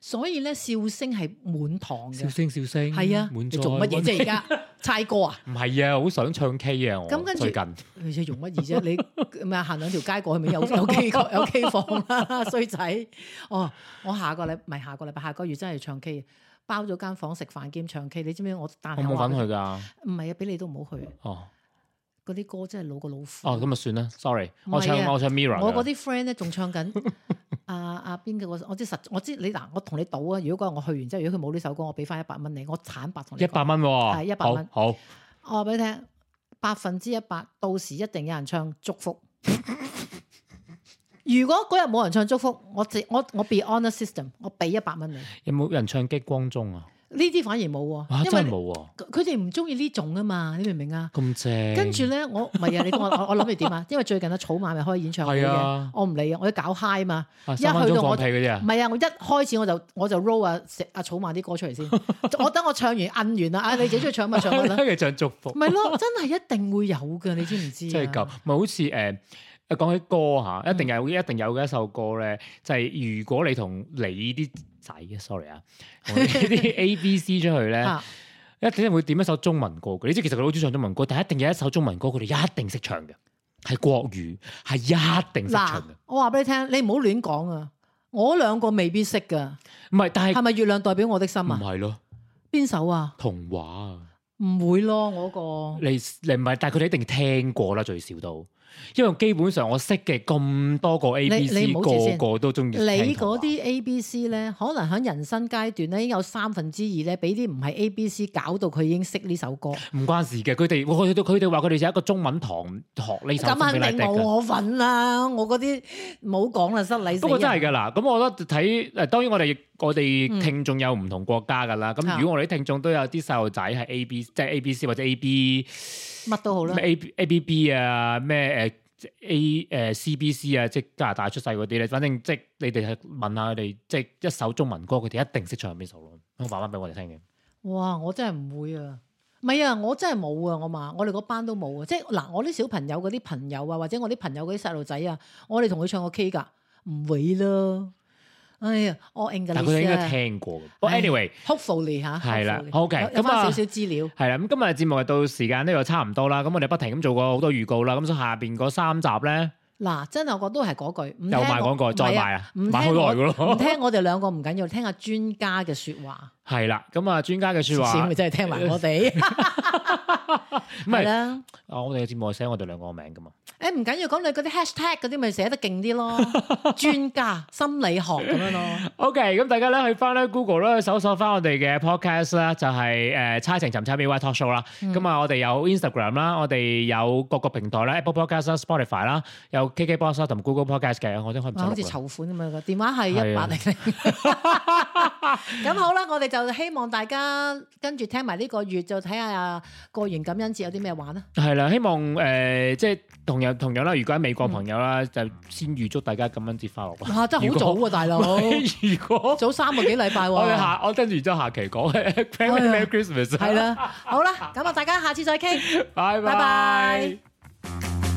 所以咧笑聲係滿堂嘅，笑聲笑聲係啊，做乜嘢啫而家？猜歌啊？唔係啊，好想唱 K 啊！我最近跟著 用乜嘢啫？你唔係行兩條街過去咪有有 K 有 K 房啦，衰仔，哦，我下個禮，唔係下個禮拜，下個月真係唱 K，包咗間房食飯兼唱 K。你知唔知我？但我冇返去㗎。唔係啊，俾你都唔好去。哦。嗰啲歌真係老過老虎哦，咁就算啦。Sorry，唔係啊，我唱我唱 Mirror。我嗰啲 friend 咧仲唱緊，阿阿邊個我知實，我知你嗱，我同你，你賭啊！如果嗰日我去完之後，如果佢冇呢首歌，我俾翻一百蚊你，我坦白同你一百蚊喎，係一百蚊。好，我話俾你聽，百分之一百，到時一定有人唱祝福。 如果嗰日冇人唱祝福，我直我我 be honor system，我俾一百蚊你。有冇人唱激光中啊？呢啲反而冇喎，啊、因為佢哋唔中意呢種啊嘛，你明唔明啊？咁正，跟住咧，我唔係啊！你我我諗住點啊？因為最近阿、啊、草蜢咪開演唱會嘅，是啊、我唔理啊，我要搞 high 嘛！一、啊、去到我睇唔係啊，我一開始我就我就 roll 啊，阿草蜢啲歌出嚟先。 我等我唱完，摁完啦，啊你幾時再唱咪唱咪啦？跟住 唱祝福，唔係咯，真係一定會有嘅，你知唔知？即係咁，咪好似誒講起歌吓，一定有一定有嘅一,一首歌咧，就係、是、如果你同你啲。底嘅，sorry 啊，呢啲 A、B、C 出去咧， 一定會點一首中文歌嘅。 你知其實佢好中意唱中文歌，但係一定有一首中文歌，佢哋一定識唱嘅，係國語，係一定識唱嘅。我話俾你聽，你唔好亂講啊！我兩個未必識噶，唔係，但係係咪月亮代表我的心啊？唔係咯，邊首啊？童話啊？唔會咯，我、嗰個你你唔係，但係佢哋一定聽過啦，最少都。因為基本上我識嘅咁多個 A B C 個個都中意。你嗰啲 A B C 咧，可能喺人生階段咧，已經有三分之二咧，俾啲唔係 A B C 搞到佢已經識呢首歌。唔關事嘅，佢哋我佢哋佢哋話佢哋就係一個中文堂學呢首。咁肯定冇我份啦？我嗰啲冇講啦，失禮。不過真係噶啦，咁我覺得睇誒，當然我哋我哋聽眾有唔同國家噶啦。咁如果我哋啲聽眾都有啲細路仔係 A B，即係 A B C 或者 A B。乜都好啦咩 A B B 啊，咩誒即係 A 誒 C B C 啊，即係加拿大出世嗰啲咧。反正即係你哋係問下佢哋，即係一首中文歌，佢哋一定識唱邊首咯。佢發翻俾我哋聽嘅。哇！我真係唔會啊，唔係啊，我真係冇啊，我話我哋嗰班都冇啊。即係嗱，我啲小朋友嗰啲朋友啊，或者我啲朋友嗰啲細路仔啊，我哋同佢唱過 K 噶，唔會啦。哎呀，我應嘅啦。但佢應該聽過。Anyway，Hopefully，吓，係啦。Okay，咁啊，少少資料。係啦，咁今日嘅節目到時間咧又差唔多啦。咁我哋不停咁做過好多預告啦。咁所下邊嗰三集咧，嗱，真係我覺都係嗰句。又賣廣告，再賣啊！賣好耐嘅咯。唔聽我哋兩個唔緊要，聽下專家嘅說話。係啦，咁啊，專家嘅說話，咁咪真係聽埋我哋。唔係啦，啊，我哋嘅節目係寫我哋兩個名噶嘛？誒，唔緊要，講你嗰啲 hashtag 嗰啲，咪寫得勁啲咯， 專家心理學咁樣咯。OK，咁大家咧去翻咧 Google 啦，去搜索翻我哋嘅 podcast 啦、就是，就係誒差情尋差美 white talk show 啦、嗯。咁啊，我哋有 Instagram 啦，我哋有各個平台啦，Apple Podcast 啦，Spotify 啦，有 KKbox 啦，同 Google Podcast 嘅，我都開。啊、呃，好似籌款咁樣個電話係一八零零。咁好啦，我哋就希望大家跟住聽埋呢個月就看看、啊，就睇下。過完感恩節有啲咩玩啊？係啦，希望誒、呃、即係同樣同樣啦。如果喺美國朋友啦，嗯、就先預祝大家感恩節快樂。哇，真係好早喎、啊，大佬果。如果早三個幾禮拜喎。我下我跟住之後下期講。Happy Merry、 哎、呀 Christmas。係啦的 ，好啦，咁啊，大家下次再傾。 拜拜。拜拜。